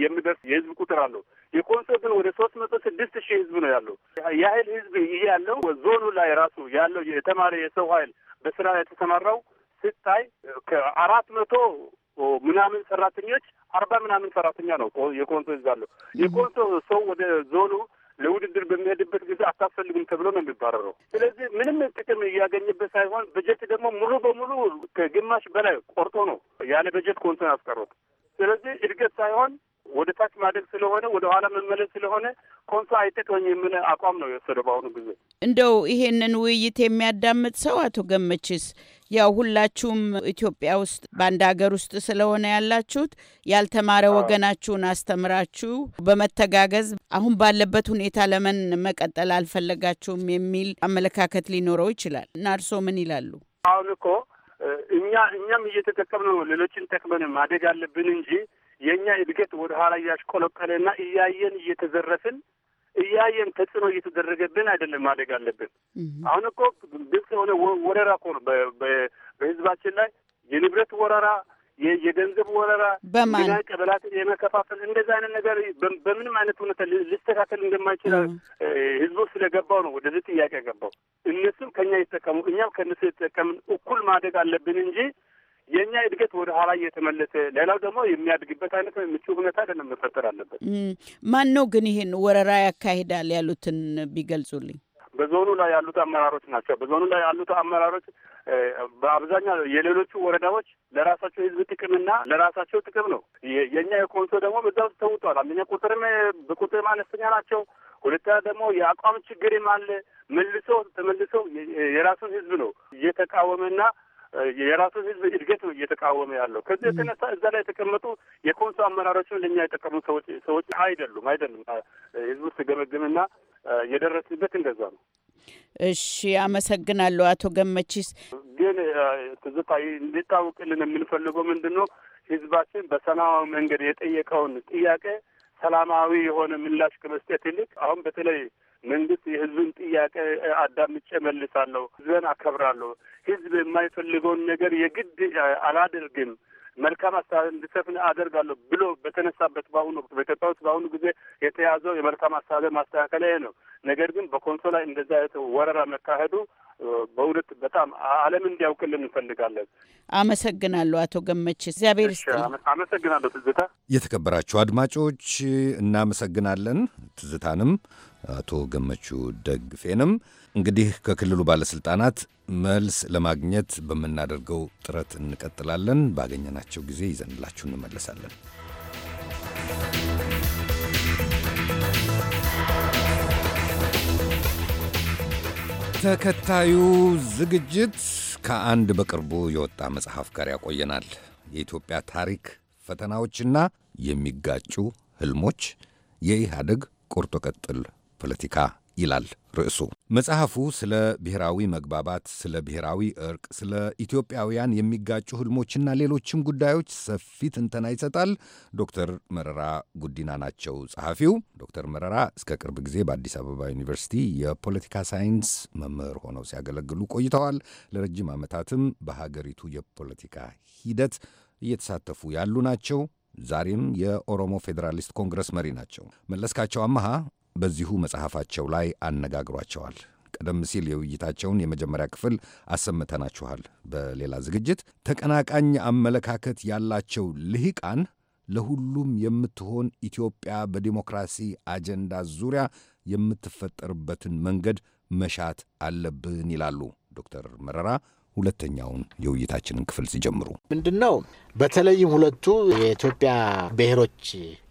የሚደርስ የህዝብ ቁጥር አለው። የኮንሶ ግን ወደ ሶስት መቶ ስድስት ሺህ ህዝብ ነው ያለው። የሀይል ህዝብ ይህ ያለው ዞኑ ላይ ራሱ ያለው የተማሪ የሰው ሀይል በስራ የተሰማራው ስታይ ከአራት መቶ ምናምን ሰራተኞች አርባ ምናምን ሰራተኛ ነው የኮንሶ ህዝብ አለው። የኮንሶ ሰው ወደ ዞኑ ለውድድር በሚሄድበት ጊዜ አታስፈልግም ተብሎ ነው የሚባረረው። ስለዚህ ምንም ጥቅም እያገኘበት ሳይሆን በጀት ደግሞ ሙሉ በሙሉ ከግማሽ በላይ ቆርጦ ነው ያለ በጀት ኮንትን ያስቀሩት። ስለዚህ እድገት ሳይሆን ወደ ታች ማደግ ስለሆነ ወደ ኋላ መመለስ ስለሆነ ኮንሶ አይጠቅመኝ የምን አቋም ነው የወሰደው በአሁኑ ጊዜ። እንደው ይሄንን ውይይት የሚያዳምጥ ሰው አቶ ገመችስ ያው ሁላችሁም ኢትዮጵያ ውስጥ በአንድ ሀገር ውስጥ ስለሆነ ያላችሁት ያልተማረ ወገናችሁን አስተምራችሁ በመተጋገዝ አሁን ባለበት ሁኔታ ለምን መቀጠል አልፈለጋችሁም የሚል አመለካከት ሊኖረው ይችላል እና እርስዎ ምን ይላሉ? አሁን እኮ እኛ እኛም እየተጠቀምን ነው። ሌሎችን ጠቅመን ማደግ አለብን እንጂ የእኛ እድገት ወደ ኋላ እያሽቆለቆለና እያየን እየተዘረፍን እያየን ተጽዕኖ እየተደረገብን አይደለም ማደግ አለብን። አሁን እኮ ግልጽ የሆነ ወረራ እኮ ነው በህዝባችን ላይ የንብረት ወረራ፣ የገንዘብ ወረራ፣ በማን ቀበላት የመከፋፈል እንደዛ አይነት ነገር በምንም አይነት ሁኔታ ሊስተካከል እንደማይችል ህዝቡ ስለገባው ነው ወደዚህ ጥያቄ ገባው። እነሱም ከኛ ይጠቀሙ፣ እኛም ከእነሱ የተጠቀምን እኩል ማደግ አለብን እንጂ የእኛ እድገት ወደ ኋላ እየተመለሰ ሌላው ደግሞ የሚያድግበት አይነት ምቹ ሁኔታ አይደለም መፈጠር አለበት። ማን ነው ግን ይሄን ወረራ ያካሂዳል ያሉትን ቢገልጹልኝ። በዞኑ ላይ ያሉት አመራሮች ናቸው። በዞኑ ላይ ያሉት አመራሮች በአብዛኛው የሌሎቹ ወረዳዎች ለራሳቸው ህዝብ ጥቅምና ለራሳቸው ጥቅም ነው። የእኛ የኮንሶ ደግሞ በዛ ውስጥ ተውጧል። አንደኛ ቁጥርም በቁጥርም አነስተኛ ናቸው። ሁለተኛ ደግሞ የአቋም ችግርም አለ። መልሶ ተመልሶ የራሱን ህዝብ ነው እየተቃወመና የራሱን ህዝብ እድገት ነው እየተቃወመ ያለው። ከዚህ የተነሳ እዛ ላይ የተቀመጡ የኮንሶ አመራሮችን ለእኛ የጠቀሙ ሰዎች ሰዎች አይደሉም አይደሉም። ህዝቡ ስገመግምና የደረስንበት እንደዛ ነው። እሺ፣ አመሰግናለሁ አቶ ገመቺስ። ግን ትዝታ እንዲታወቅልን የምንፈልገው ምንድን ነው ህዝባችን በሰላማዊ መንገድ የጠየቀውን ጥያቄ ሰላማዊ የሆነ ምላሽ ከመስጠት ይልቅ አሁን በተለይ መንግስት የህዝብን ጥያቄ አዳምጬ መልሳለሁ፣ ህዝብን አከብራለሁ፣ ህዝብ የማይፈልገውን ነገር የግድ አላደርግም መልካም አስተዳደር እንድሰፍን አደርጋለሁ ብሎ በተነሳበት በአሁኑ ወቅት በኢትዮጵያ ውስጥ በአሁኑ ጊዜ የተያዘው የመልካም አስተዳደር ማስተካከያ ነው። ነገር ግን በኮንሶ ላይ እንደዚ አይነት ወረራ መካሄዱ በእውነት በጣም ዓለም እንዲያውቅልን እንፈልጋለን። አመሰግናለሁ አቶ ገመች እግዚአብሔር ይስጥ። አመሰግናለሁ ትዝታ። የተከበራችሁ አድማጮች እናመሰግናለን ትዝታንም አቶ ገመቹ ደግፌንም እንግዲህ ከክልሉ ባለስልጣናት መልስ ለማግኘት በምናደርገው ጥረት እንቀጥላለን። ባገኘናቸው ጊዜ ይዘንላችሁ እንመለሳለን። ተከታዩ ዝግጅት ከአንድ በቅርቡ የወጣ መጽሐፍ ጋር ያቆየናል። የኢትዮጵያ ታሪክ ፈተናዎችና የሚጋጩ ህልሞች የኢህአደግ ቁርጦ ቀጥል ፖለቲካ ይላል ርዕሱ። መጽሐፉ ስለ ብሔራዊ መግባባት፣ ስለ ብሔራዊ እርቅ፣ ስለ ኢትዮጵያውያን የሚጋጩ ህልሞችና ሌሎችም ጉዳዮች ሰፊ ትንተና ይሰጣል። ዶክተር መረራ ጉዲና ናቸው ጸሐፊው። ዶክተር መረራ እስከ ቅርብ ጊዜ በአዲስ አበባ ዩኒቨርሲቲ የፖለቲካ ሳይንስ መምህር ሆነው ሲያገለግሉ ቆይተዋል። ለረጅም ዓመታትም በሀገሪቱ የፖለቲካ ሂደት እየተሳተፉ ያሉ ናቸው። ዛሬም የኦሮሞ ፌዴራሊስት ኮንግረስ መሪ ናቸው። መለስካቸው አመሃ በዚሁ መጽሐፋቸው ላይ አነጋግሯቸዋል። ቀደም ሲል የውይይታቸውን የመጀመሪያ ክፍል አሰምተናችኋል። በሌላ ዝግጅት ተቀናቃኝ አመለካከት ያላቸው ልሂቃን ለሁሉም የምትሆን ኢትዮጵያ በዲሞክራሲ አጀንዳ ዙሪያ የምትፈጠርበትን መንገድ መሻት አለብን ይላሉ ዶክተር መረራ ሁለተኛውን የውይይታችንን ክፍል ሲጀምሩ ምንድን ነው በተለይም ሁለቱ የኢትዮጵያ ብሔሮች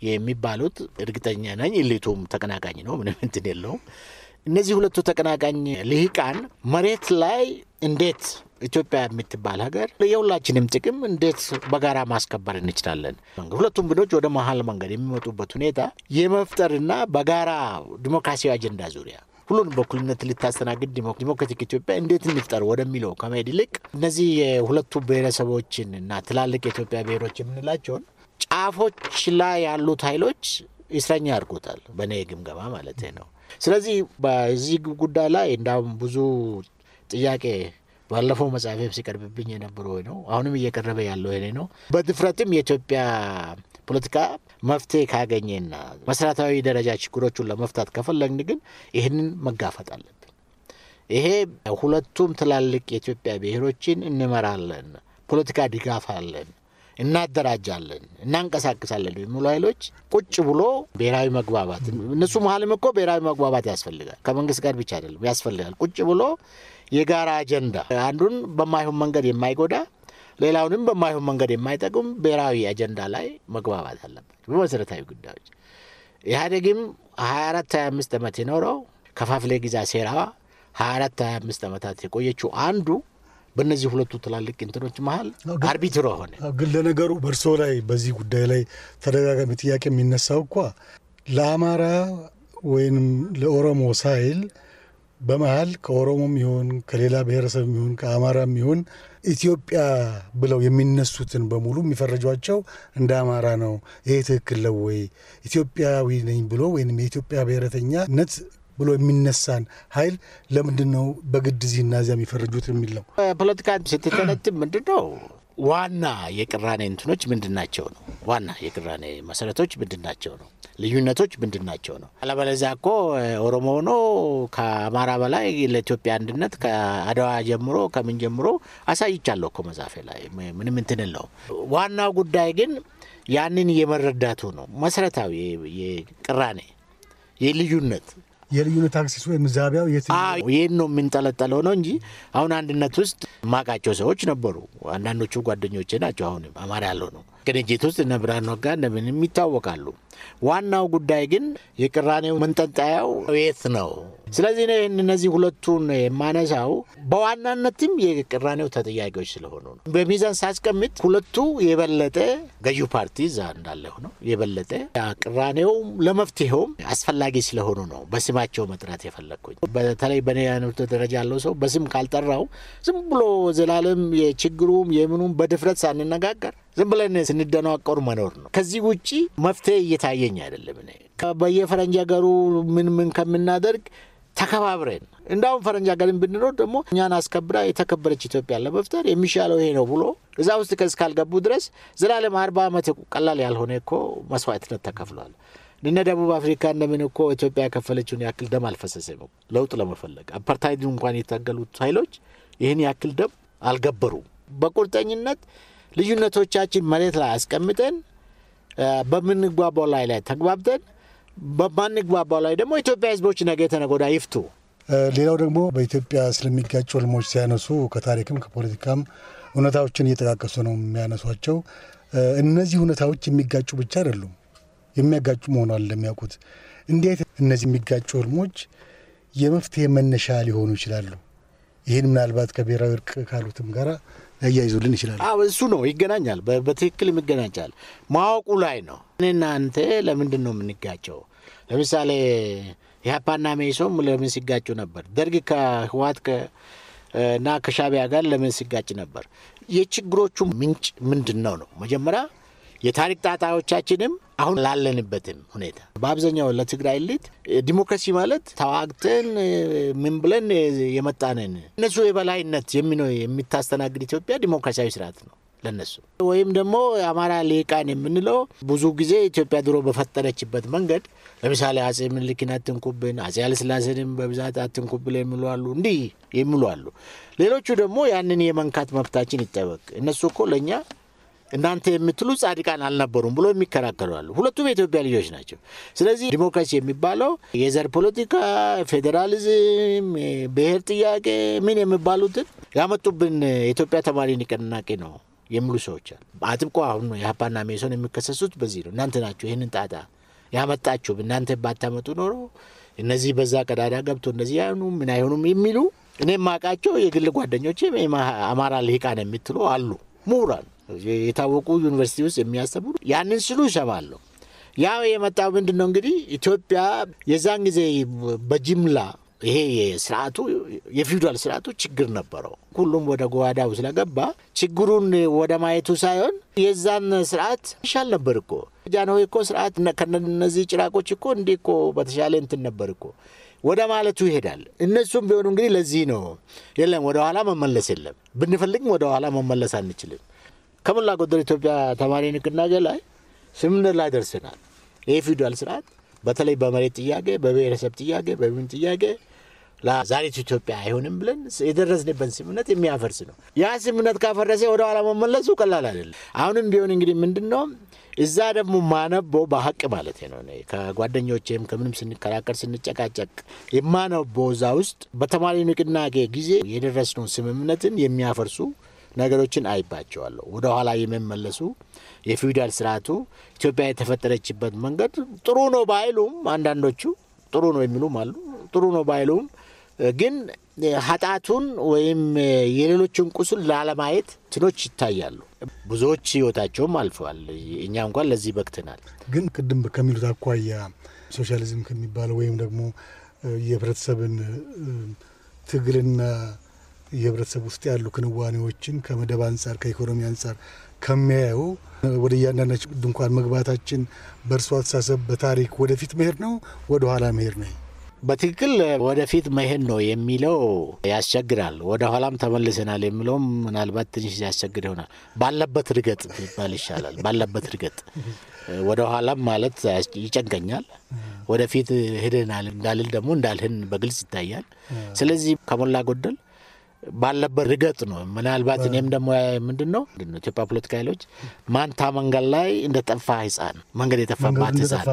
የሚባሉት እርግጠኛ ነኝ ኢሊቱም ተቀናቃኝ ነው፣ ምንም እንትን የለውም። እነዚህ ሁለቱ ተቀናቃኝ ልሂቃን መሬት ላይ እንዴት ኢትዮጵያ የምትባል ሀገር የሁላችንም ጥቅም እንዴት በጋራ ማስከበር እንችላለን? ሁለቱም ቡድኖች ወደ መሀል መንገድ የሚመጡበት ሁኔታ የመፍጠርና በጋራ ዲሞክራሲያዊ አጀንዳ ዙሪያ ሁሉንም በኩልነት ልታስተናግድ ዲሞክራቲክ ኢትዮጵያ እንዴት እንፍጠር ወደሚለው ከመሄድ ይልቅ እነዚህ የሁለቱ ብሔረሰቦችን እና ትላልቅ የኢትዮጵያ ብሔሮች የምንላቸውን ጫፎች ላይ ያሉት ኃይሎች እስረኛ አድርጎታል፣ በእኔ ግምገማ ማለት ነው። ስለዚህ በዚህ ጉዳይ ላይ እንዳውም ብዙ ጥያቄ ባለፈው መጽሐፌ ሲቀርብብኝ የነበረ ነው፣ አሁንም እየቀረበ ያለው ይሄ ነው። በድፍረትም የኢትዮጵያ ፖለቲካ መፍትሄ ካገኘና መሰረታዊ ደረጃ ችግሮቹን ለመፍታት ከፈለግን ግን ይህንን መጋፈጥ አለብን። ይሄ ሁለቱም ትላልቅ የኢትዮጵያ ብሔሮችን እንመራለን፣ ፖለቲካ ድጋፍ አለን፣ እናደራጃለን፣ እናንቀሳቅሳለን የሚሉ ኃይሎች ቁጭ ብሎ ብሔራዊ መግባባት እነሱ መሀልም እኮ ብሔራዊ መግባባት ያስፈልጋል። ከመንግስት ጋር ብቻ አይደለም ያስፈልጋል። ቁጭ ብሎ የጋራ አጀንዳ አንዱን በማይሆን መንገድ የማይጎዳ ሌላውንም በማይሆን መንገድ የማይጠቅም ብሔራዊ አጀንዳ ላይ መግባባት አለባቸው በመሰረታዊ ጉዳዮች። ኢህአዴግም 24 25 ዓመት የኖረው ከፋፍሌ ጊዜ ሴራ 24 25 ዓመታት የቆየችው አንዱ በእነዚህ ሁለቱ ትላልቅ እንትኖች መሀል አርቢትሮ ሆነ። ግን ለነገሩ በእርስዎ ላይ በዚህ ጉዳይ ላይ ተደጋጋሚ ጥያቄ የሚነሳው እኳ ለአማራ ወይም ለኦሮሞ ሳይል በመሀል ከኦሮሞም ይሁን ከሌላ ብሔረሰብም ይሁን ከአማራም ይሁን ኢትዮጵያ ብለው የሚነሱትን በሙሉ የሚፈረጇቸው እንደ አማራ ነው። ይሄ ትክክል ነው ወይ? ኢትዮጵያዊ ነኝ ብሎ ወይም የኢትዮጵያ ብሔረተኛነት ብሎ የሚነሳን ኃይል ለምንድን ነው በግድ እዚህና እዚያ የሚፈርጁት የሚል ነው። ፖለቲካ ስትተነትም ምንድን ነው ዋና የቅራኔ እንትኖች ናቸው ነው? ዋና የቅራኔ መሰረቶች ምንድናቸው ነው? ልዩነቶች ናቸው ነው? አለበለዚያ እኮ ኦሮሞ ሆኖ ከአማራ በላይ ለኢትዮጵያ አንድነት ከአድዋ ጀምሮ ከምን ጀምሮ አሳይቻለሁ እኮ መጻፌ ላይ ምንም እንትን የለውም። ዋናው ጉዳይ ግን ያንን የመረዳቱ ነው። መሰረታዊ የቅራኔ የልዩነት የልዩነት አክሲስ ወይም ዛቢያው የት ይህን ነው የምንጠለጠለው ነው እንጂ አሁን አንድነት ውስጥ ማቃቸው ሰዎች ነበሩ። አንዳንዶቹ ጓደኞቼ ናቸው። አሁንም አማራ ያለው ነው ቅንጅት ውስጥ እነ ብርሃን ነጋ እነ ይታወቃሉ። ዋናው ጉዳይ ግን የቅራኔው መንጠልጠያው የት ነው? ስለዚህ ነው ይህን እነዚህ ሁለቱን የማነሳው በዋናነትም የቅራኔው ተጠያቂዎች ስለሆኑ ነው። በሚዛን ሳስቀምጥ ሁለቱ የበለጠ ገዢው ፓርቲ እዛ እንዳለ ነው የበለጠ ቅራኔውም ለመፍትሄውም አስፈላጊ ስለሆኑ ነው በስማቸው መጥራት የፈለግኩኝ። በተለይ በኔ አይነቱ ደረጃ ያለው ሰው በስም ካልጠራው ዝም ብሎ ዘላለም የችግሩም የምኑም በድፍረት ሳንነጋገር ዝም ብለን ስንደናቀሩ መኖር ነው። ከዚህ ውጭ መፍትሄ እየታ እየታየኝ አይደለም። በየፈረንጅ ሀገሩ ምን ምን ከምናደርግ ተከባብረን እንዳሁም ፈረንጅ ሀገርን ብንኖር ደግሞ እኛን አስከብራ የተከበረች ኢትዮጵያ ለመፍጠር የሚሻለው ይሄ ነው ብሎ እዛ ውስጥ እስካልገቡ ድረስ ዘላለም አርባ ዓመት ቀላል ያልሆነ እኮ መስዋዕትነት ተከፍሏል። እነ ደቡብ አፍሪካ እንደምን እኮ ኢትዮጵያ የከፈለችውን ያክል ደም አልፈሰሰም። ለውጥ ለመፈለግ አፓርታይድ እንኳን የታገሉት ኃይሎች ይህን ያክል ደም አልገበሩም። በቁርጠኝነት ልዩነቶቻችን መሬት ላይ አስቀምጠን በምንግባባው ላይ ላይ ተግባብተን በማንግባባው ላይ ደግሞ ኢትዮጵያ ህዝቦች ነገ ተነጎዳ ይፍቱ። ሌላው ደግሞ በኢትዮጵያ ስለሚጋጩ ህልሞች ሲያነሱ ከታሪክም ከፖለቲካም እውነታዎችን እየጠቃቀሱ ነው የሚያነሷቸው። እነዚህ እውነታዎች የሚጋጩ ብቻ አይደሉም፣ የሚያጋጩ መሆኗ እንደሚያውቁት እንዴት እነዚህ የሚጋጩ ህልሞች የመፍትሄ መነሻ ሊሆኑ ይችላሉ? ይህን ምናልባት ከብሔራዊ እርቅ ካሉትም ጋር ያያይዙልን ይችላል። አዎ እሱ ነው ይገናኛል፣ በትክክል ይገናኛል። ማወቁ ላይ ነው። እኔና አንተ ለምንድን ነው የምንጋጨው? ለምሳሌ ኢህአፓና መኢሶን ለምን ሲጋጩ ነበር? ደርግ ከህወሓት እና ከሻቢያ ጋር ለምን ሲጋጭ ነበር? የችግሮቹ ምንጭ ምንድን ነው ነው መጀመሪያ የታሪክ ጣጣዎቻችንም አሁን ላለንበትም ሁኔታ በአብዛኛው ለትግራይ ልት ዲሞክራሲ ማለት ተዋግተን ምን ብለን የመጣንን እነሱ የበላይነት የሚታስተናግድ ኢትዮጵያ ዲሞክራሲያዊ ስርዓት ነው ለነሱ ወይም ደግሞ የአማራ ሊቃን የምንለው ብዙ ጊዜ ኢትዮጵያ ድሮ በፈጠረችበት መንገድ ለምሳሌ አጼ ምኒልክን አትንኩብን፣ አጼ ኃይለሥላሴንም በብዛት አትንኩብል የሚሉ አሉ፣ እንዲህ የሚሉ አሉ። ሌሎቹ ደግሞ ያንን የመንካት መብታችን ይጠበቅ። እነሱ እኮ ለእኛ እናንተ የምትሉ ጻድቃን አልነበሩም ብሎ የሚከራከሩ አሉ። ሁለቱም የኢትዮጵያ ልጆች ናቸው። ስለዚህ ዲሞክራሲ የሚባለው የዘር ፖለቲካ፣ ፌዴራሊዝም፣ ብሔር ጥያቄ ምን የሚባሉትን ያመጡብን የኢትዮጵያ ተማሪ ንቅናቄ ነው የሚሉ ሰዎች አሉ። አጥብቆ አሁን የሀፓና ሜሶን የሚከሰሱት በዚህ ነው። እናንተ ናቸው ይህንን ጣጣ ያመጣችሁ፣ እናንተ ባታመጡ ኖሮ እነዚህ በዛ ቀዳዳ ገብቶ እነዚህ አይሆኑም ምን አይሆኑም የሚሉ እኔም ማቃቸው የግል ጓደኞቼ አማራ ልሂቃን የምትሉ አሉ ምሁራን የታወቁ ዩኒቨርሲቲ ውስጥ የሚያስተምሩ ያንን ስሉ ይሰማለሁ። ያ የመጣው ምንድን ነው እንግዲህ ኢትዮጵያ የዛን ጊዜ በጅምላ ይሄ ስርዓቱ የፊውዳል ስርዓቱ ችግር ነበረው። ሁሉም ወደ ጓዳው ስለገባ ችግሩን ወደ ማየቱ ሳይሆን የዛን ስርዓት ይሻል ነበር እኮ ጃንሆይ እኮ ስርዓት ከነዚህ ጭራቆች እኮ እንዲህ እኮ በተሻለ እንትን ነበር እኮ ወደ ማለቱ ይሄዳል። እነሱም ቢሆኑ እንግዲህ ለዚህ ነው የለም ወደኋላ መመለስ የለም ብንፈልግም ወደኋላ መመለስ አንችልም። ከሞላ ጎደል ኢትዮጵያ ተማሪ ንቅናቄ ላይ ስምምነት ላይ ደርሰናል። ይህ ፊውዳል ስርዓት በተለይ በመሬት ጥያቄ፣ በብሔረሰብ ጥያቄ፣ በምን ጥያቄ ለዛሬቱ ኢትዮጵያ አይሆንም ብለን የደረስንበት ስምምነት የሚያፈርስ ነው። ያ ስምምነት ካፈረሰ ወደ ኋላ መመለሱ ቀላል አይደለም። አሁንም ቢሆን እንግዲህ ምንድን ነው እዛ ደግሞ ማነቦ በሀቅ ማለት ነው። ከጓደኞቼም ከምንም ስንከራከር ስንጨቃጨቅ የማነቦ እዛ ውስጥ በተማሪ ንቅናቄ ጊዜ የደረስነው ስምምነትን የሚያፈርሱ ነገሮችን አይባቸዋለሁ። ወደኋላ የመመለሱ የፊውዳል ስርዓቱ ኢትዮጵያ የተፈጠረችበት መንገድ ጥሩ ነው ባይሉም አንዳንዶቹ ጥሩ ነው የሚሉም አሉ። ጥሩ ነው ባይሉም ግን ኃጢአቱን ወይም የሌሎችን ቁስል ላለማየት ትኖች ይታያሉ። ብዙዎች ህይወታቸውም አልፈዋል። እኛ እንኳን ለዚህ በቅተናል። ግን ቅድም ከሚሉት አኳያ ሶሻሊዝም ከሚባለው ወይም ደግሞ የህብረተሰብን ትግልና የህብረተሰብ ውስጥ ያሉ ክንዋኔዎችን ከመደብ አንጻር ከኢኮኖሚ አንጻር ከሚያየው ወደ እያንዳንዳችን ድንኳን መግባታችን በእርሶ አተሳሰብ በታሪክ ወደፊት መሄድ ነው ወደ ኋላ መሄድ ነው? በትክክል ወደፊት መሄድ ነው የሚለው ያስቸግራል። ወደ ኋላም ተመልሰናል የሚለውም ምናልባት ትንሽ ያስቸግር ይሆናል። ባለበት ርገጥ ይባል ይሻላል። ባለበት ርገጥ ወደ ኋላም ማለት ይጨንቀኛል። ወደፊት ሄደናል እንዳልል ደግሞ እንዳልህን በግልጽ ይታያል። ስለዚህ ከሞላ ጎደል ባለበት ርገጥ ነው። ምናልባት እኔም ደግሞ ምንድን ነው ኢትዮጵያ ፖለቲካ ኃይሎች ማንታ መንገድ ላይ ጠፋ ህፃን መንገድ የጠፋባት ህፃን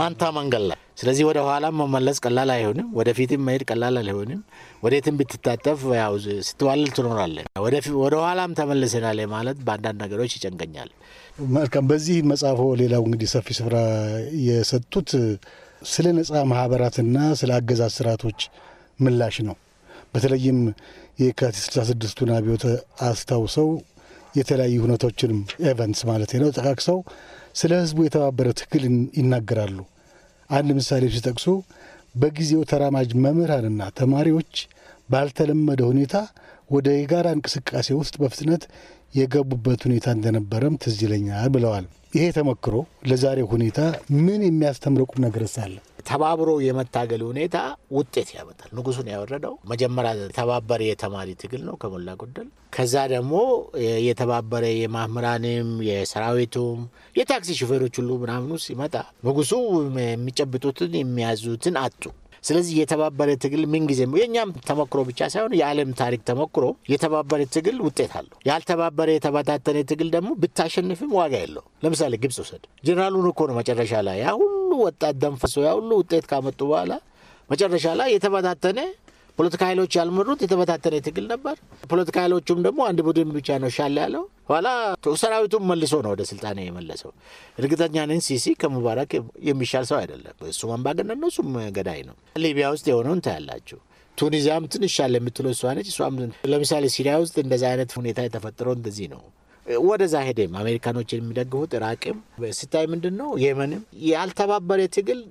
ማንታ መንገድ ላይ ስለዚህ ወደ ኋላ መመለስ ቀላል አይሆንም። ወደፊትም መሄድ ቀላል አይሆንም። ወዴትም ብትታጠፍ ያው ስትዋልል ትኖራለን። ወደ ኋላም ተመልሰናል ማለት በአንዳንድ ነገሮች ይጨንቀኛል። መልካም። በዚህ መጽሐፎ ሌላው እንግዲህ ሰፊ ስፍራ የሰጡት ስለ ነጻ ማህበራትና ስለ አገዛዝ ስርዓቶች ምላሽ ነው። በተለይም የካቲት 66ቱን አብዮት አስታውሰው የተለያዩ ሁነቶችንም ኤቨንትስ ማለት ነው ጠቃቅሰው ስለ ህዝቡ የተባበረ ትግል ይናገራሉ። አንድ ምሳሌ ሲጠቅሱ በጊዜው ተራማጅ መምህራንና ተማሪዎች ባልተለመደ ሁኔታ ወደ የጋራ እንቅስቃሴ ውስጥ በፍጥነት የገቡበት ሁኔታ እንደነበረም ትዝ ይለኛል ብለዋል። ይሄ ተሞክሮ ለዛሬው ሁኔታ ምን የሚያስተምር ነገር ሳለ ተባብሮ የመታገል ሁኔታ ውጤት ያመጣል። ንጉሱን ያወረደው መጀመሪያ የተባበረ የተማሪ ትግል ነው ከሞላ ጎደል። ከዛ ደግሞ የተባበረ የማምራንም የሰራዊቱም የታክሲ ሹፌሮች ሁሉ ምናምኑ ሲመጣ ንጉሱ የሚጨብጡትን የሚያዙትን አጡ። ስለዚህ የተባበረ ትግል ምንጊዜም የእኛም ተሞክሮ ብቻ ሳይሆን የዓለም ታሪክ ተሞክሮ የተባበረ ትግል ውጤት አለው። ያልተባበረ የተበታተነ ትግል ደግሞ ብታሸንፍም ዋጋ የለው። ለምሳሌ ግብፅ ውሰድ። ጀኔራሉን እኮ ነው መጨረሻ ላይ ያ ሁሉ ወጣት ደንፈሶ ያ ሁሉ ውጤት ካመጡ በኋላ መጨረሻ ላይ የተበታተነ ፖለቲካ ኃይሎች ያልመሩት የተበታተነ ትግል ነበር። ፖለቲካ ኃይሎቹም ደግሞ አንድ ቡድን ብቻ ነው ሻል ያለው። ኋላ ሰራዊቱም መልሶ ነው ወደ ስልጣን የመለሰው። እርግጠኛ ነኝ ሲሲ ከሙባረክ የሚሻል ሰው አይደለም። እሱም አምባገነን ነው፣ እሱም ገዳይ ነው። ሊቢያ ውስጥ የሆነውን ታያላችሁ። ቱኒዚያም ትንሻል ሻል የምትለው እሷ ነች። እሷም ለምሳሌ ሲሪያ ውስጥ እንደዚ አይነት ሁኔታ የተፈጠረው እንደዚህ ነው። ወደዛ ሄደም አሜሪካኖች የሚደግፉት ኢራቅም ስታይ ምንድን ነው የመንም ያልተባበረ ትግል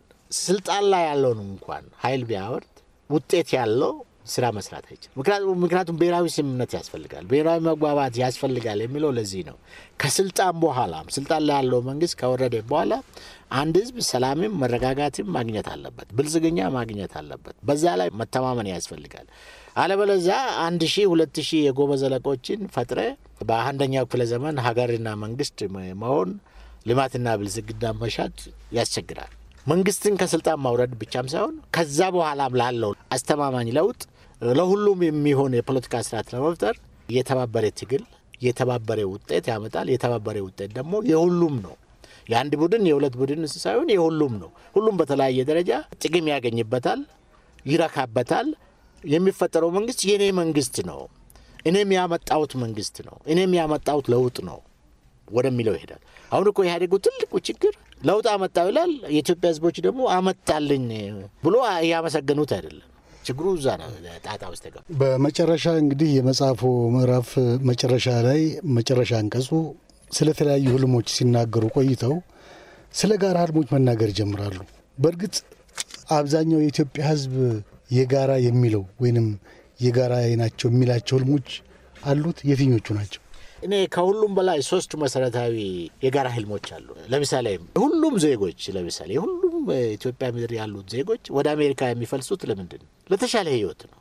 ስልጣን ላይ ያለውን እንኳን ሀይል ቢያወርድ ውጤት ያለው ስራ መስራት አይችል። ምክንያቱም ብሔራዊ ስምምነት ያስፈልጋል፣ ብሔራዊ መግባባት ያስፈልጋል የሚለው ለዚህ ነው። ከስልጣን በኋላ ስልጣን ላይ ያለው መንግስት ከወረደ በኋላ አንድ ህዝብ ሰላምም መረጋጋትም ማግኘት አለበት፣ ብልጽግና ማግኘት አለበት። በዛ ላይ መተማመን ያስፈልጋል። አለበለዚያ አንድ ሺህ ሁለት ሺህ የጎበ ዘለቆችን ፈጥረ በአንደኛው ክፍለ ዘመን ሀገርና መንግስት መሆን ልማትና ብልጽግና መሻት ያስቸግራል። መንግስትን ከስልጣን ማውረድ ብቻም ሳይሆን ከዛ በኋላም ላለው አስተማማኝ ለውጥ ለሁሉም የሚሆን የፖለቲካ ስርዓት ለመፍጠር የተባበረ ትግል የተባበረ ውጤት ያመጣል። የተባበረ ውጤት ደግሞ የሁሉም ነው። የአንድ ቡድን የሁለት ቡድን ሳይሆን የሁሉም ነው። ሁሉም በተለያየ ደረጃ ጥቅም ያገኝበታል፣ ይረካበታል። የሚፈጠረው መንግስት የእኔ መንግስት ነው፣ እኔም ያመጣሁት መንግስት ነው፣ እኔም ያመጣሁት ለውጥ ነው ወደሚለው ይሄዳል። አሁን እኮ ኢህአዴጉ ትልቁ ችግር ለውጥ አመጣው ይላል። የኢትዮጵያ ህዝቦች ደግሞ አመጣልኝ ብሎ እያመሰገኑት አይደለም። ችግሩ እዛ ነው። ጣጣ ውስጥ በመጨረሻ እንግዲህ የመጽሐፉ ምዕራፍ መጨረሻ ላይ መጨረሻ አንቀጹ ስለተለያዩ ህልሞች ሲናገሩ ቆይተው ስለ ጋራ ህልሞች መናገር ይጀምራሉ። በእርግጥ አብዛኛው የኢትዮጵያ ህዝብ የጋራ የሚለው ወይንም የጋራ ናቸው የሚላቸው ህልሞች አሉት። የትኞቹ ናቸው? እኔ ከሁሉም በላይ ሶስቱ መሰረታዊ የጋራ ህልሞች አሉ። ለምሳሌ ሁሉም ዜጎች ለምሳሌ ሁሉም ኢትዮጵያ ምድር ያሉት ዜጎች ወደ አሜሪካ የሚፈልሱት ለምንድን ነው? ለተሻለ ህይወት ነው።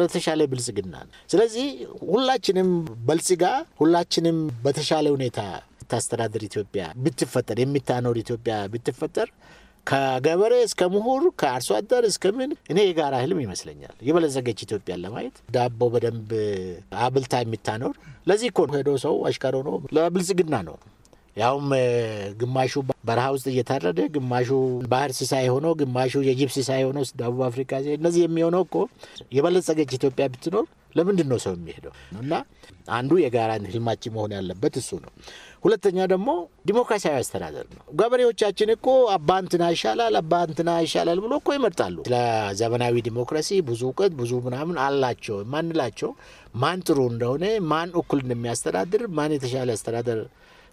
ለተሻለ ብልጽግና ነው። ስለዚህ ሁላችንም በልጽጋ ሁላችንም በተሻለ ሁኔታ ብታስተዳድር ኢትዮጵያ ብትፈጠር የሚታኖር ኢትዮጵያ ብትፈጠር ከገበሬ እስከ ምሁር ከአርሶ አደር እስከ ምን እኔ የጋራ ህልም ይመስለኛል። የበለጸገች ኢትዮጵያን ለማየት ዳቦ በደንብ አብልታ የሚታኖር ለዚህ እኮ ሄዶ ሰው አሽከር ሆኖ ለብልጽግና ነው። ያውም ግማሹ በረሃ ውስጥ እየታረደ ግማሹ ባህር ሲሳይ ሆኖ ግማሹ የጅብ ሲሳይ ሆኖ ደቡብ አፍሪካ እነዚህ የሚሆነው እኮ የበለጸገች ኢትዮጵያ ብትኖር ለምንድን ነው ሰው የሚሄደው? እና አንዱ የጋራ ህልማችን መሆን ያለበት እሱ ነው። ሁለተኛ ደግሞ ዲሞክራሲያዊ አስተዳደር ነው። ገበሬዎቻችን እኮ አባንትና ይሻላል አባንትና ይሻላል ብሎ እኮ ይመርጣሉ። ለዘመናዊ ዲሞክራሲ ብዙ እውቀት ብዙ ምናምን አላቸው። የማንላቸው ማን ጥሩ እንደሆነ ማን እኩል እንደሚያስተዳድር ማን የተሻለ አስተዳደር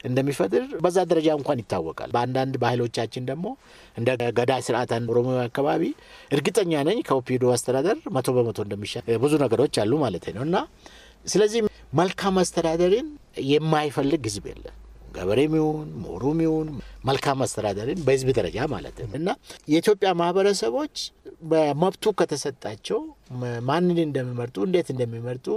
እንደሚፈጥር በዛ ደረጃ እንኳን ይታወቃል። በአንዳንድ ባህሎቻችን ደግሞ እንደ ገዳ ስርዓት ኦሮሞ አካባቢ እርግጠኛ ነኝ ከኦፒዶ አስተዳደር መቶ በመቶ እንደሚሻ ብዙ ነገሮች አሉ ማለት ነው እና ስለዚህ መልካም አስተዳደርን የማይፈልግ ህዝብ የለም። ገበሬም ይሁን ምሁሩም ይሁን መልካም አስተዳደርን በህዝብ ደረጃ ማለት ነው እና የኢትዮጵያ ማህበረሰቦች በመብቱ ከተሰጣቸው ማንን እንደሚመርጡ እንዴት እንደሚመርጡ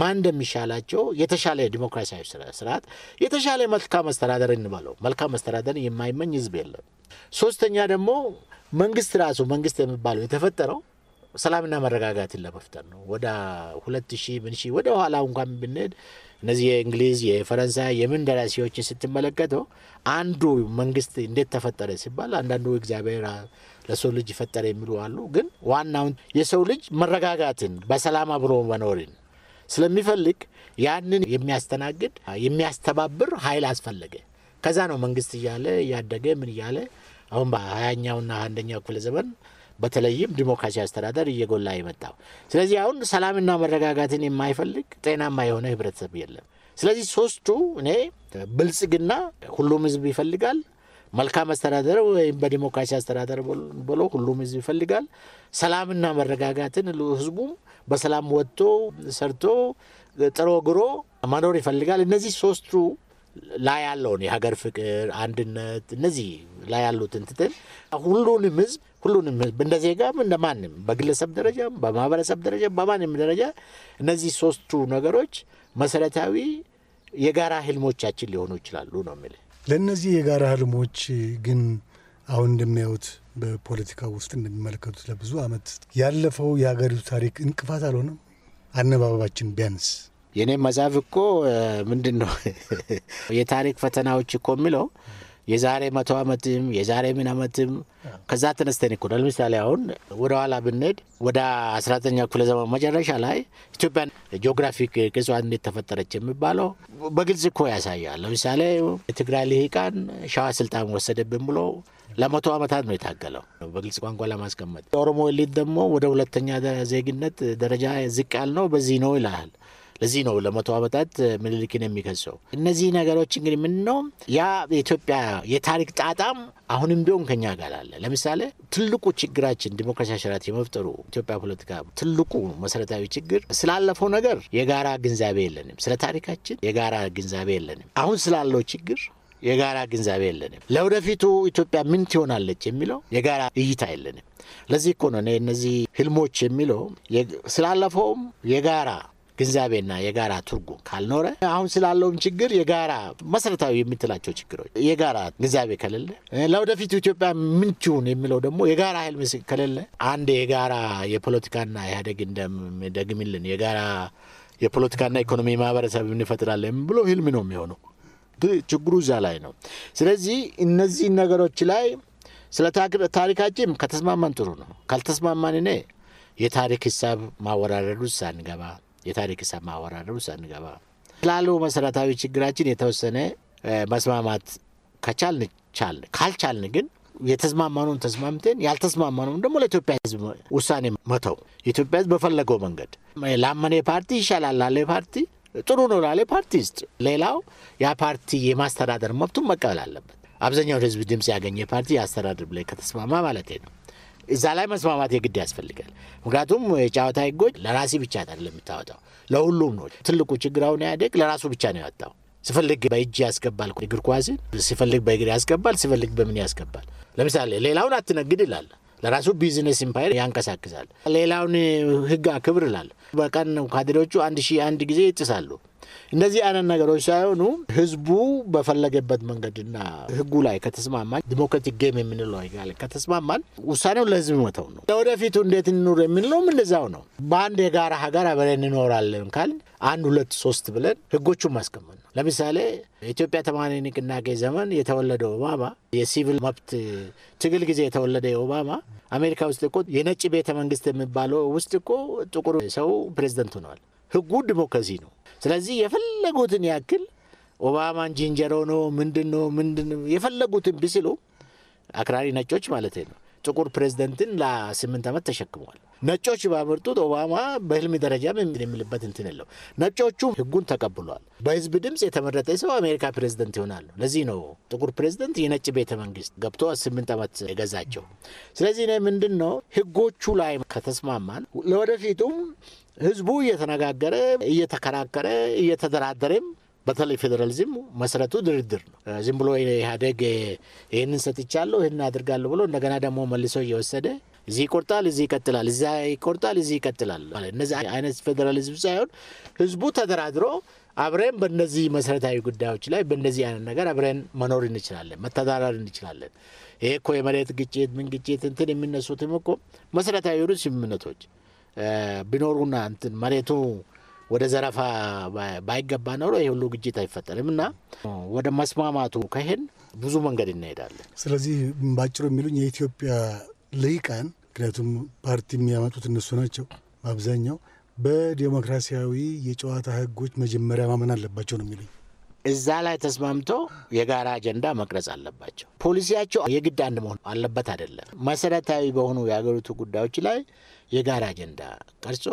ማን እንደሚሻላቸው የተሻለ ዲሞክራሲያዊ ስርዓት፣ የተሻለ መልካም መስተዳደር እንበለው። መልካም መስተዳደር የማይመኝ ህዝብ የለም። ሶስተኛ ደግሞ መንግስት ራሱ መንግስት የሚባለው የተፈጠረው ሰላምና መረጋጋትን ለመፍጠር ነው። ወደ ሁለት ሺ ምን ሺ ወደ ኋላ እንኳን ብንሄድ እነዚህ የእንግሊዝ የፈረንሳይ የምን ደራሲዎችን ስትመለከተው አንዱ መንግስት እንዴት ተፈጠረ ሲባል አንዳንዱ እግዚአብሔር ለሰው ልጅ ፈጠረ የሚሉ አሉ። ግን ዋናውን የሰው ልጅ መረጋጋትን በሰላም አብሮ መኖርን ስለሚፈልግ ያንን የሚያስተናግድ የሚያስተባብር ኃይል አስፈለገ። ከዛ ነው መንግስት እያለ እያደገ ምን እያለ አሁን በሀያኛውና አንደኛው ክፍለ ዘመን በተለይም ዲሞክራሲ አስተዳደር እየጎላ የመጣው። ስለዚህ አሁን ሰላምና መረጋጋትን የማይፈልግ ጤናማ የሆነ ህብረተሰብ የለም። ስለዚህ ሶስቱ እኔ ብልጽግና ሁሉም ህዝብ ይፈልጋል። መልካም አስተዳደር ወይም በዲሞክራሲ አስተዳደር ብሎ ሁሉም ህዝብ ይፈልጋል። ሰላምና መረጋጋትን ህዝቡም በሰላም ወጥቶ ሰርቶ ጥሮ ግሮ መኖር ይፈልጋል። እነዚህ ሶስቱ ላይ ያለውን የሀገር ፍቅር፣ አንድነት እነዚህ ላይ ያሉትን ትትን ሁሉንም ህዝብ ሁሉንም ህዝብ እንደ ዜጋም እንደ ማንም በግለሰብ ደረጃም በማህበረሰብ ደረጃ በማንም ደረጃ እነዚህ ሶስቱ ነገሮች መሰረታዊ የጋራ ህልሞቻችን ሊሆኑ ይችላሉ ነው የሚል ለእነዚህ የጋራ ህልሞች ግን አሁን እንደሚያዩት በፖለቲካ ውስጥ እንደሚመለከቱት ለብዙ ዓመት ያለፈው የሀገሪቱ ታሪክ እንቅፋት አልሆነም። አነባበባችን ቢያንስ የእኔም መጽሐፍ እኮ ምንድን ነው የታሪክ ፈተናዎች እኮ የሚለው የዛሬ መቶ ዓመትም የዛሬ ምን ዓመትም ከዛ ተነስተን እኮ ለምሳሌ አሁን ወደ ኋላ ብንሄድ ወደ 19ኛ ክፍለ ዘመን መጨረሻ ላይ ኢትዮጵያ ጂኦግራፊክ ቅጽዋት እንዴት ተፈጠረች የሚባለው በግልጽ እኮ ያሳያል። ለምሳሌ የትግራይ ልሂቃን ሸዋ ስልጣን ወሰደብን ብሎ ለመቶ ዓመታት ነው የታገለው። በግልጽ ቋንቋ ለማስቀመጥ የኦሮሞ ኤሊት ደግሞ ወደ ሁለተኛ ዜግነት ደረጃ ዝቅ ነው በዚህ ነው ይልሃል። ለዚህ ነው ለመቶ ዓመታት ምኒልክን የሚከሰው። እነዚህ ነገሮች እንግዲህ ምን ነው ያ የኢትዮጵያ የታሪክ ጣጣም አሁንም ቢሆን ከኛ ጋር አለ። ለምሳሌ ትልቁ ችግራችን ዲሞክራሲያዊ ስርዓት የመፍጠሩ ኢትዮጵያ ፖለቲካ ትልቁ መሰረታዊ ችግር ስላለፈው ነገር የጋራ ግንዛቤ የለንም። ስለ ታሪካችን የጋራ ግንዛቤ የለንም። አሁን ስላለው ችግር የጋራ ግንዛቤ የለንም። ለወደፊቱ ኢትዮጵያ ምን ትሆናለች የሚለው የጋራ እይታ የለንም። ለዚህ እኮ ነው እነዚህ ህልሞች የሚለው ስላለፈውም የጋራ ግንዛቤና የጋራ ትርጉም ካልኖረ አሁን ስላለውም ችግር የጋራ መሰረታዊ የምትላቸው ችግሮች የጋራ ግንዛቤ ከሌለ ለወደፊቱ ኢትዮጵያ ምን ትሁን የሚለው ደግሞ የጋራ ህልም ከሌለ አንድ የጋራ የፖለቲካና ኢህአዴግ እንደሚደግምልን የጋራ የፖለቲካና ኢኮኖሚ ማህበረሰብ እንፈጥራለን ብሎ ህልም ነው የሚሆነው። ችግሩ ላይ ነው። ስለዚህ እነዚህ ነገሮች ላይ ስለ ታሪካችን ከተስማማን ጥሩ ነው። ካልተስማማን እኔ የታሪክ ሂሳብ ማወራረዱ ሳንገባ የታሪክ ሂሳብ ማወራረዱ ሳንገባ ስላሉ መሰረታዊ ችግራችን የተወሰነ መስማማት ከቻልን ቻልን፣ ካልቻልን ግን የተስማማነውን ተስማምተን ያልተስማማነውን ደግሞ ለኢትዮጵያ ሕዝብ ውሳኔ መተው። ኢትዮጵያ ሕዝብ በፈለገው መንገድ ላመነ ፓርቲ ይሻላል ላለ ፓርቲ ጥሩ ነው ላለ ፓርቲ ውስጥ ሌላው ያ ፓርቲ የማስተዳደር መብቱን መቀበል አለበት። አብዛኛውን ህዝብ ድምፅ ያገኘ ፓርቲ የአስተዳደር ላይ ከተስማማ ማለት ነው። እዛ ላይ መስማማት የግድ ያስፈልጋል። ምክንያቱም የጨዋታ ህጎች ለራሴ ብቻ አይደለም የምታወጣው ለሁሉም ነው። ትልቁ ችግር አሁን ያደግ ለራሱ ብቻ ነው ያወጣው። ሲፈልግ በእጅ ያስገባል እግር ኳስን፣ ሲፈልግ በእግር ያስገባል፣ ሲፈልግ በምን ያስገባል። ለምሳሌ ሌላውን አትነግድ ይላል። ለራሱ ቢዝነስ ኢምፓየር ያንቀሳቅሳል። ሌላውን ህግ አክብር ይላል። በቀን ነው ካድሬዎቹ አንድ ሺህ አንድ ጊዜ ይጥሳሉ። እንደዚህ አይነት ነገሮች ሳይሆኑ ህዝቡ በፈለገበት መንገድና ህጉ ላይ ከተስማማን ዲሞክራቲክ ጌም የምንለው ይጋለ ከተስማማን ውሳኔው ለህዝብ መተው ነው። ለወደፊቱ እንዴት እንኑር የምንለውም እንደዛው ነው። በአንድ የጋራ ሀገር አብረን እንኖራለን ካል አንድ ሁለት ሶስት ብለን ህጎቹን ማስቀመጥ ለምሳሌ ኢትዮጵያ ተማሪ ንቅናቄ ዘመን የተወለደው ኦባማ የሲቪል መብት ትግል ጊዜ የተወለደ ኦባማ አሜሪካ ውስጥ እኮ የነጭ ቤተ መንግስት የሚባለው ውስጥ እኮ ጥቁር ሰው ፕሬዚደንት ሆነዋል። ህጉ ዲሞክራሲ ነው። ስለዚህ የፈለጉትን ያክል ኦባማን ጅንጀሮ ነው ምንድን ነው ምንድን የፈለጉትን ቢስሉ አክራሪ ነጮች ማለት ነው ጥቁር ፕሬዚደንትን ለስምንት ዓመት ተሸክመዋል። ነጮች ባመርጡት ኦባማ በህልም ደረጃ የሚልበት እንትን የለው። ነጮቹ ህጉን ተቀብሏል። በህዝብ ድምፅ የተመረጠ ሰው አሜሪካ ፕሬዚደንት ይሆናሉ። ለዚህ ነው ጥቁር ፕሬዚደንት የነጭ ቤተ መንግስት ገብቶ ስምንት ዓመት የገዛቸው። ስለዚህ እኔ ምንድን ነው ህጎቹ ላይ ከተስማማን ለወደፊቱም ህዝቡ እየተነጋገረ እየተከራከረ እየተደራደረም በተለይ ፌዴራሊዝም መሰረቱ ድርድር ነው። ዝም ብሎ ኢህአዴግ ይህንን ሰጥቻለሁ ይህንን አድርጋለሁ ብሎ እንደገና ደግሞ መልሶ እየወሰደ እዚህ ይቆርጣል፣ እዚህ ይቀጥላል፣ እዚ ይቆርጣል፣ እዚህ ይቀጥላል ማለት እነዚህ አይነት ፌዴራሊዝም ሳይሆን ህዝቡ ተደራድሮ አብረን በነዚህ መሰረታዊ ጉዳዮች ላይ በነዚህ አይነት ነገር አብረን መኖር እንችላለን፣ መተዳደር እንችላለን። ይሄ እኮ የመሬት ግጭት ምን ግጭት እንትን የሚነሱትም እኮ መሰረታዊ የሆኑ ስምምነቶች ቢኖሩና እንትን መሬቱ ወደ ዘረፋ ባይገባ ኖሮ ይህ ሁሉ ግጭት አይፈጠርም። እና ወደ መስማማቱ ከሄን ብዙ መንገድ እንሄዳለን። ስለዚህ በአጭሩ የሚሉኝ የኢትዮጵያ ልሂቃን ምክንያቱም ፓርቲ የሚያመጡት እነሱ ናቸው በአብዛኛው በዲሞክራሲያዊ የጨዋታ ህጎች መጀመሪያ ማመን አለባቸው ነው የሚሉኝ። እዛ ላይ ተስማምቶ የጋራ አጀንዳ መቅረጽ አለባቸው። ፖሊሲያቸው የግድ አንድ መሆን አለበት አይደለም። መሰረታዊ በሆኑ የሀገሪቱ ጉዳዮች ላይ የጋራ አጀንዳ ቀርጾ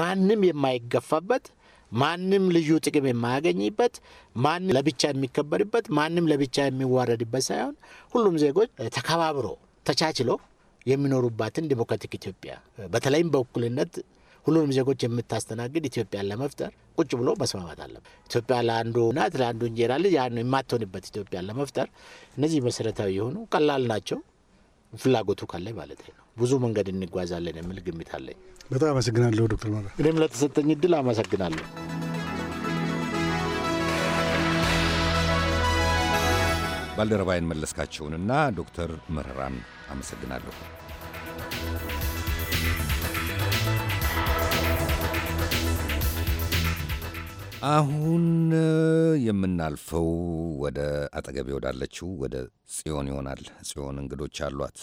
ማንም የማይገፋበት፣ ማንም ልዩ ጥቅም የማያገኝበት፣ ማንም ለብቻ የሚከበርበት፣ ማንም ለብቻ የሚዋረድበት ሳይሆን ሁሉም ዜጎች ተከባብሮ ተቻችሎ የሚኖሩባትን ዲሞክራቲክ ኢትዮጵያ በተለይም በእኩልነት ሁሉንም ዜጎች የምታስተናግድ ኢትዮጵያን ለመፍጠር ቁጭ ብሎ መስማማት አለበት። ኢትዮጵያ ለአንዱ ናት ለአንዱ እንጀራ ልጅ የማትሆንበት ኢትዮጵያን ለመፍጠር እነዚህ መሰረታዊ የሆኑ ቀላል ናቸው። ፍላጎቱ ካለ ማለት ነው። ብዙ መንገድ እንጓዛለን የሚል ግምት አለኝ። በጣም አመሰግናለሁ ዶክተር መረራ። እኔም ለተሰጠኝ እድል አመሰግናለሁ። ባልደረባይን መለስካቸውንና ዶክተር መረራን አመሰግናለሁ። አሁን የምናልፈው ወደ አጠገቤ ወዳለችው ወደ ጽዮን ይሆናል። ጽዮን እንግዶች አሏት።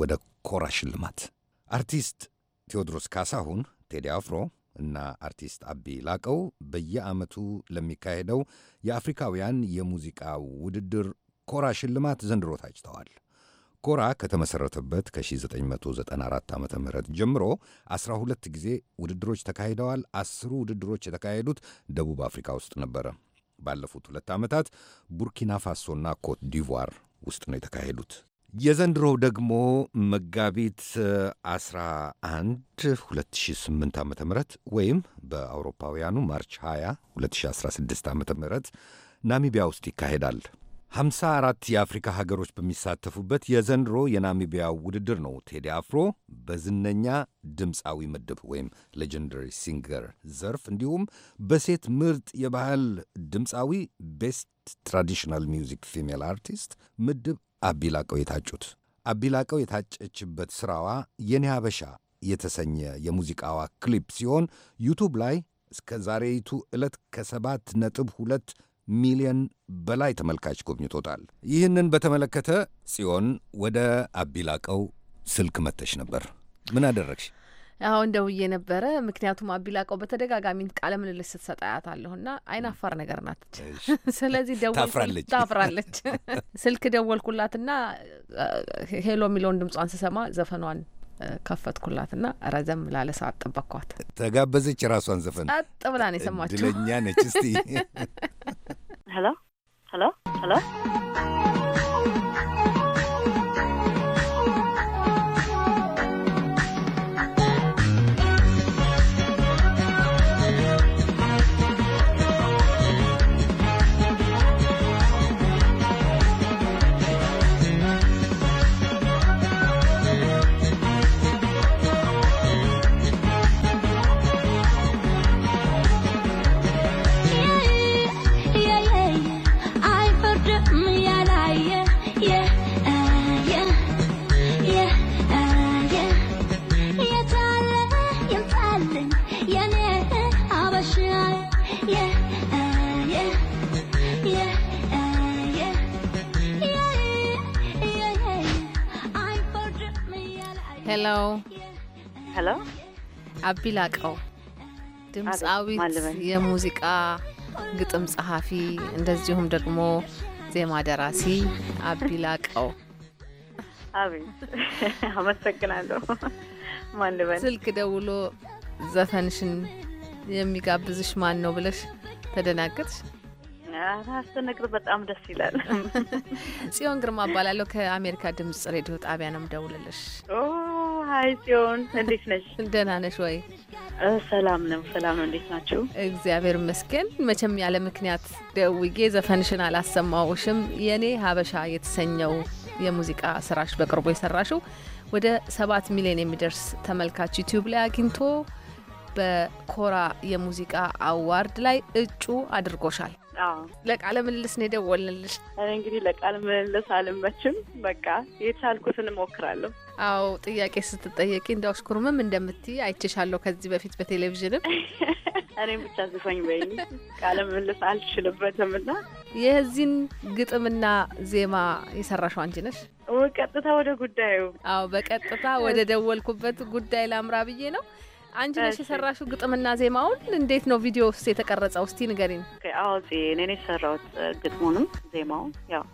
ወደ ኮራ ሽልማት አርቲስት ቴዎድሮስ ካሳሁን ቴዲ አፍሮ እና አርቲስት አቢ ላቀው በየዓመቱ ለሚካሄደው የአፍሪካውያን የሙዚቃ ውድድር ኮራ ሽልማት ዘንድሮ ታጭተዋል። ኮራ ከተመሠረተበት ከ1994 ዓ ም ጀምሮ 12 ጊዜ ውድድሮች ተካሂደዋል። አስሩ ውድድሮች የተካሄዱት ደቡብ አፍሪካ ውስጥ ነበረ። ባለፉት ሁለት ዓመታት ቡርኪና ፋሶና ኮት ዲቯር ውስጥ ነው የተካሄዱት። የዘንድሮው ደግሞ መጋቢት 11 2008 ዓ ም ወይም በአውሮፓውያኑ ማርች 20 2016 ዓ ም ናሚቢያ ውስጥ ይካሄዳል። ሃምሳ አራት የአፍሪካ ሀገሮች በሚሳተፉበት የዘንድሮ የናሚቢያ ውድድር ነው ቴዲ አፍሮ በዝነኛ ድምፃዊ ምድብ ወይም ሌጀንደሪ ሲንገር ዘርፍ እንዲሁም በሴት ምርጥ የባህል ድምፃዊ ቤስት ትራዲሽናል ሚውዚክ ፊሜል አርቲስት ምድብ አቢላቀው የታጩት። አቢላቀው የታጨችበት ስራዋ የኔ ሀበሻ የተሰኘ የሙዚቃዋ ክሊፕ ሲሆን ዩቱብ ላይ እስከ ዛሬይቱ ዕለት ከሰባት ነጥብ ሁለት ሚሊዮን በላይ ተመልካች ጎብኝቶታል። ይህንን በተመለከተ ጽዮን ወደ አቢላቀው ስልክ መተሽ ነበር። ምን አደረግሽ? አሁን ደውዬ ነበረ። ምክንያቱም አቢላቀው በተደጋጋሚ ቃለ ምልልስ ስትሰጥ አያታለሁና አይናፋር ነገር ናት። ስለዚህ ታፍራለች ታፍራለች። ስልክ ደወልኩላትና ሄሎ የሚለውን ድምጿን ስሰማ ዘፈኗን ከፈትኩላት ና ረዘም ላለ ሰዓት ጠበቅኳት። ተጋበዘች። የራሷን ዘፈን ጸጥ ብላ ነው የሰማችው። ድለኛ ነች። እስቲ ሄሎ ሄሎ ሄሎ አቢላቀው ድምፃዊት፣ የሙዚቃ ግጥም ጸሐፊ እንደዚሁም ደግሞ ዜማ ደራሲ አቢላቀው አቤት አመሰግናለሁ። ማን ልበል? ስልክ ደውሎ ዘፈንሽን የሚጋብዝሽ ማን ነው ብለሽ ተደናገጥሽ? አስተነግር በጣም ደስ ይላል። ጽዮን ግርማ እባላለሁ። ከአሜሪካ ድምጽ ሬዲዮ ጣቢያ ነው የምደውልልሽ። ሀይ ሲሆን እንዴት ነሽ? ደህና ነሽ ወይ? ሰላም ነው፣ ሰላም ነው። እንዴት ናችሁ? እግዚአብሔር ይመስገን። መቼም ያለ ምክንያት ደውዬ ዘፈንሽን አላሰማውሽም። የእኔ ሀበሻ የተሰኘው የሙዚቃ ስራሽ በቅርቡ የሰራሽው ወደ ሰባት ሚሊዮን የሚደርስ ተመልካች ዩቲዩብ ላይ አግኝቶ በኮራ የሙዚቃ አዋርድ ላይ እጩ አድርጎሻል። ለቃለ ምልልስ ነው የደወልንልሽ። እኔ እንግዲህ ለቃለ ምልልስ አልመችም፣ በቃ የቻልኩትን እሞክራለሁ። አዎ ጥያቄ ስትጠየቂ እንደ አሽኩርምም እንደምትይ አይችሻለሁ ከዚህ በፊት በቴሌቪዥንም እኔም ብቻ ዝፈኝ በይኝ ቃለ ምልልስ አልችልበትም። ና የዚህን ግጥምና ዜማ የሰራሽው አንቺ ነሽ? ቀጥታ ወደ ጉዳዩ። አዎ በቀጥታ ወደ ደወልኩበት ጉዳይ ላምራ ብዬ ነው። አንቺ ነሽ የሰራሽው ግጥምና ዜማውን? እንዴት ነው ቪዲዮ ውስጥ የተቀረጸው? እስቲ ንገሪኝ። አዎ እኔ ነኝ የሰራሁት ግጥሙንም ዜማውን። ያው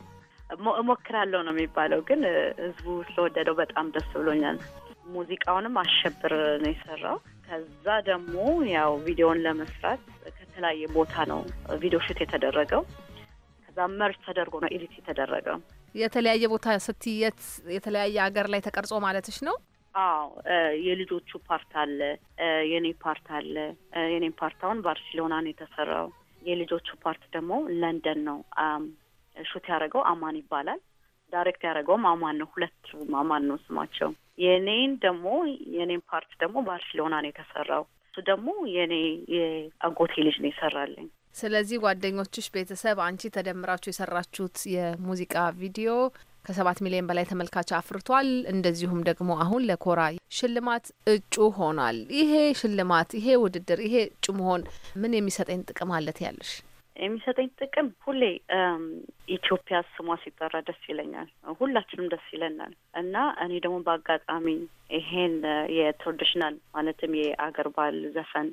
እሞክራለሁ ነው የሚባለው፣ ግን ህዝቡ ስለወደደው በጣም ደስ ብሎኛል። ሙዚቃውንም አሸብር ነው የሰራው። ከዛ ደግሞ ያው ቪዲዮን ለመስራት ከተለያየ ቦታ ነው ቪዲዮ ሹት የተደረገው። ከዛ መርጅ ተደርጎ ነው ኤዲት የተደረገው። የተለያየ ቦታ ስትየት የተለያየ ሀገር ላይ ተቀርጾ ማለትሽ ነው? አዎ የልጆቹ ፓርት አለ፣ የኔ ፓርት አለ። የኔ ፓርታውን ባርሴሎና ነው የተሰራው። የልጆቹ ፓርት ደግሞ ለንደን ነው ሹት ያደረገው አማን ይባላል። ዳይሬክት ያደረገውም አማን ነው። ሁለቱም አማን ነው ስማቸው። የኔን ደግሞ የኔን ፓርት ደግሞ ባርሴሎና ነው የተሰራው። እሱ ደግሞ የኔ የአጎቴ ልጅ ነው ይሰራልኝ። ስለዚህ ጓደኞችሽ፣ ቤተሰብ፣ አንቺ ተደምራችሁ የሰራችሁት የሙዚቃ ቪዲዮ ከሰባት ሚሊዮን በላይ ተመልካች አፍርቷል። እንደዚሁም ደግሞ አሁን ለኮራ ሽልማት እጩ ሆኗል። ይሄ ሽልማት፣ ይሄ ውድድር፣ ይሄ እጩ መሆን ምን የሚሰጠኝ ጥቅም አለት ያለሽ? የሚሰጠኝ ጥቅም ሁሌ ኢትዮጵያ ስሟ ሲጠራ ደስ ይለኛል። ሁላችንም ደስ ይለናል እና እኔ ደግሞ በአጋጣሚ ይሄን የትራዲሽናል ማለትም የአገር ባህል ዘፈን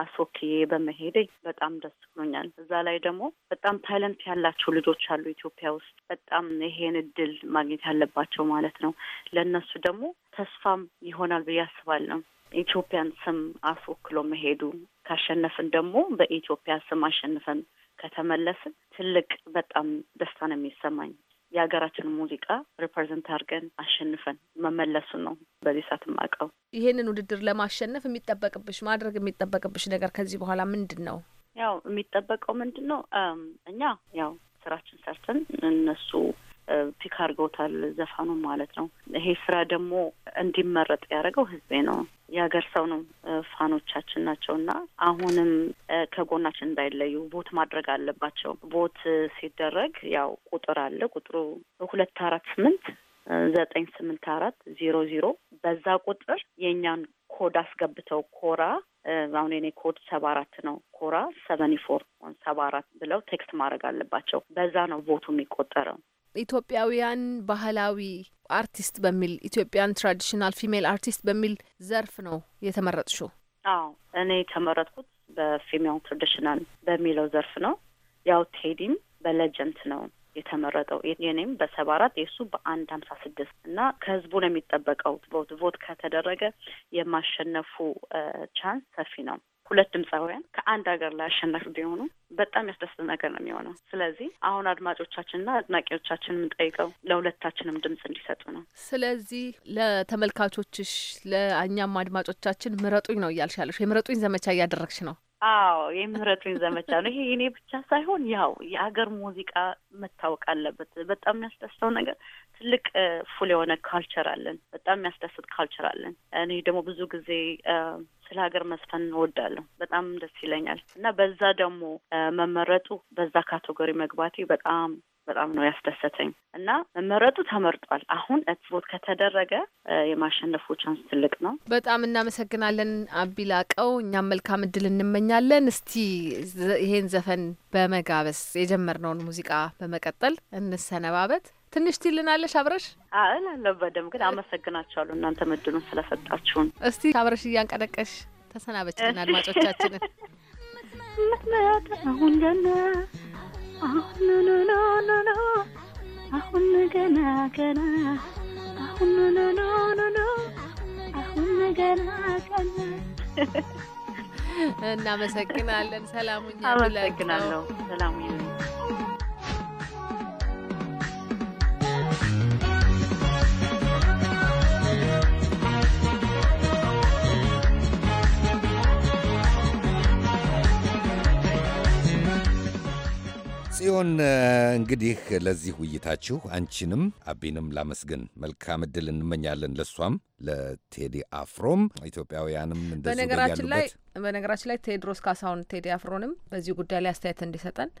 አስወክዬ በመሄዴ በጣም ደስ ብሎኛል። እዛ ላይ ደግሞ በጣም ታይለንት ያላቸው ልጆች አሉ ኢትዮጵያ ውስጥ በጣም ይሄን እድል ማግኘት ያለባቸው ማለት ነው። ለእነሱ ደግሞ ተስፋም ይሆናል ብዬ አስባለሁ። ኢትዮጵያን ስም አስወክሎ መሄዱ ካሸነፍን ደግሞ በኢትዮጵያ ስም አሸንፈን ከተመለስን ትልቅ በጣም ደስታ ነው የሚሰማኝ። የሀገራችን ሙዚቃ ሪፕሬዘንት አድርገን አሸንፈን መመለሱ ነው። በዚህ ሰዓት ማቀው ይሄንን ውድድር ለማሸነፍ የሚጠበቅብሽ ማድረግ የሚጠበቅብሽ ነገር ከዚህ በኋላ ምንድን ነው? ያው የሚጠበቀው ምንድን ነው? እኛ ያው ስራችን ሰርተን እነሱ ፒክ አድርገውታል ዘፋኑ ማለት ነው። ይሄ ስራ ደግሞ እንዲመረጥ ያደረገው ህዝቤ ነው፣ የሀገር ሰው ነው፣ ፋኖቻችን ናቸው እና አሁንም ከጎናችን እንዳይለዩ ቦት ማድረግ አለባቸው። ቦት ሲደረግ ያው ቁጥር አለ። ቁጥሩ ሁለት አራት ስምንት ዘጠኝ ስምንት አራት ዜሮ ዜሮ በዛ ቁጥር የእኛን ኮድ አስገብተው ኮራ አሁን የኔ ኮድ ሰባ አራት ነው። ኮራ ሰቨኒ ፎር ሰባ አራት ብለው ቴክስት ማድረግ አለባቸው። በዛ ነው ቦቱ የሚቆጠረው። ኢትዮጵያውያን ባህላዊ አርቲስት በሚል ኢትዮጵያን ትራዲሽናል ፊሜል አርቲስት በሚል ዘርፍ ነው የተመረጥሽው? አዎ እኔ የተመረጥኩት በፊሜል ትራዲሽናል በሚለው ዘርፍ ነው። ያው ቴዲም በሌጀንት ነው የተመረጠው የኔም በሰባ አራት የእሱ በአንድ ሀምሳ ስድስት እና ከህዝቡ ነው የሚጠበቀው ቮት ቮት ከተደረገ የማሸነፉ ቻንስ ሰፊ ነው። ሁለት ድምፃውያን ከአንድ ሀገር ላይ አሸናፊ ቢሆኑ በጣም ያስደስት ነገር ነው የሚሆነው። ስለዚህ አሁን አድማጮቻችንና አድናቂዎቻችን የምንጠይቀው ለሁለታችንም ድምጽ እንዲሰጡ ነው። ስለዚህ ለተመልካቾችሽ፣ ለእኛም አድማጮቻችን ምረጡኝ ነው እያልሽ ያለሽ፣ የምረጡኝ ዘመቻ እያደረግሽ ነው? አዎ የምረጡኝ ዘመቻ ነው። ይሄ የኔ ብቻ ሳይሆን ያው የአገር ሙዚቃ መታወቅ አለበት። በጣም የሚያስደስተው ነገር ትልቅ ፉል የሆነ ካልቸር አለን። በጣም የሚያስደስት ካልቸር አለን። እኔ ደግሞ ብዙ ጊዜ ስለ ሀገር መስፈን እንወዳለሁ። በጣም ደስ ይለኛል እና በዛ ደግሞ መመረጡ በዛ ካቴጎሪ መግባቴ በጣም በጣም ነው ያስደሰተኝ እና መመረጡ ተመርጧል። አሁን ቦት ከተደረገ የማሸነፉ ቻንስ ትልቅ ነው። በጣም እናመሰግናለን አቢላቀው። እኛም መልካም እድል እንመኛለን። እስቲ ይሄን ዘፈን በመጋበስ የጀመርነውን ሙዚቃ በመቀጠል እንሰነባበት። ትንሽ ትልናለሽ አብረሽ እላለሁ። በደምብ ግን አመሰግናችኋለሁ እናንተ ምድኑን ስለሰጣችሁን። እስቲ አብረሽ እያንቀደቀሽ ተሰናበችልን አድማጮቻችንን። አሁን ገና አሁን አሁን ገና ገና አሁን ገና ገና እናመሰግናለን። ሰላሙኝ አመሰግናለሁ። ሰላሙኝ ጽዮን፣ እንግዲህ ለዚህ ውይይታችሁ አንቺንም አቢንም ላመስግን። መልካም እድል እንመኛለን ለእሷም ለቴዲ አፍሮም ኢትዮጵያውያንም እንደዚሁ። ላይ በነገራችን ላይ ቴድሮስ ካሳሁን ቴዲ አፍሮንም በዚህ ጉዳይ ላይ አስተያየት እንዲሰጠን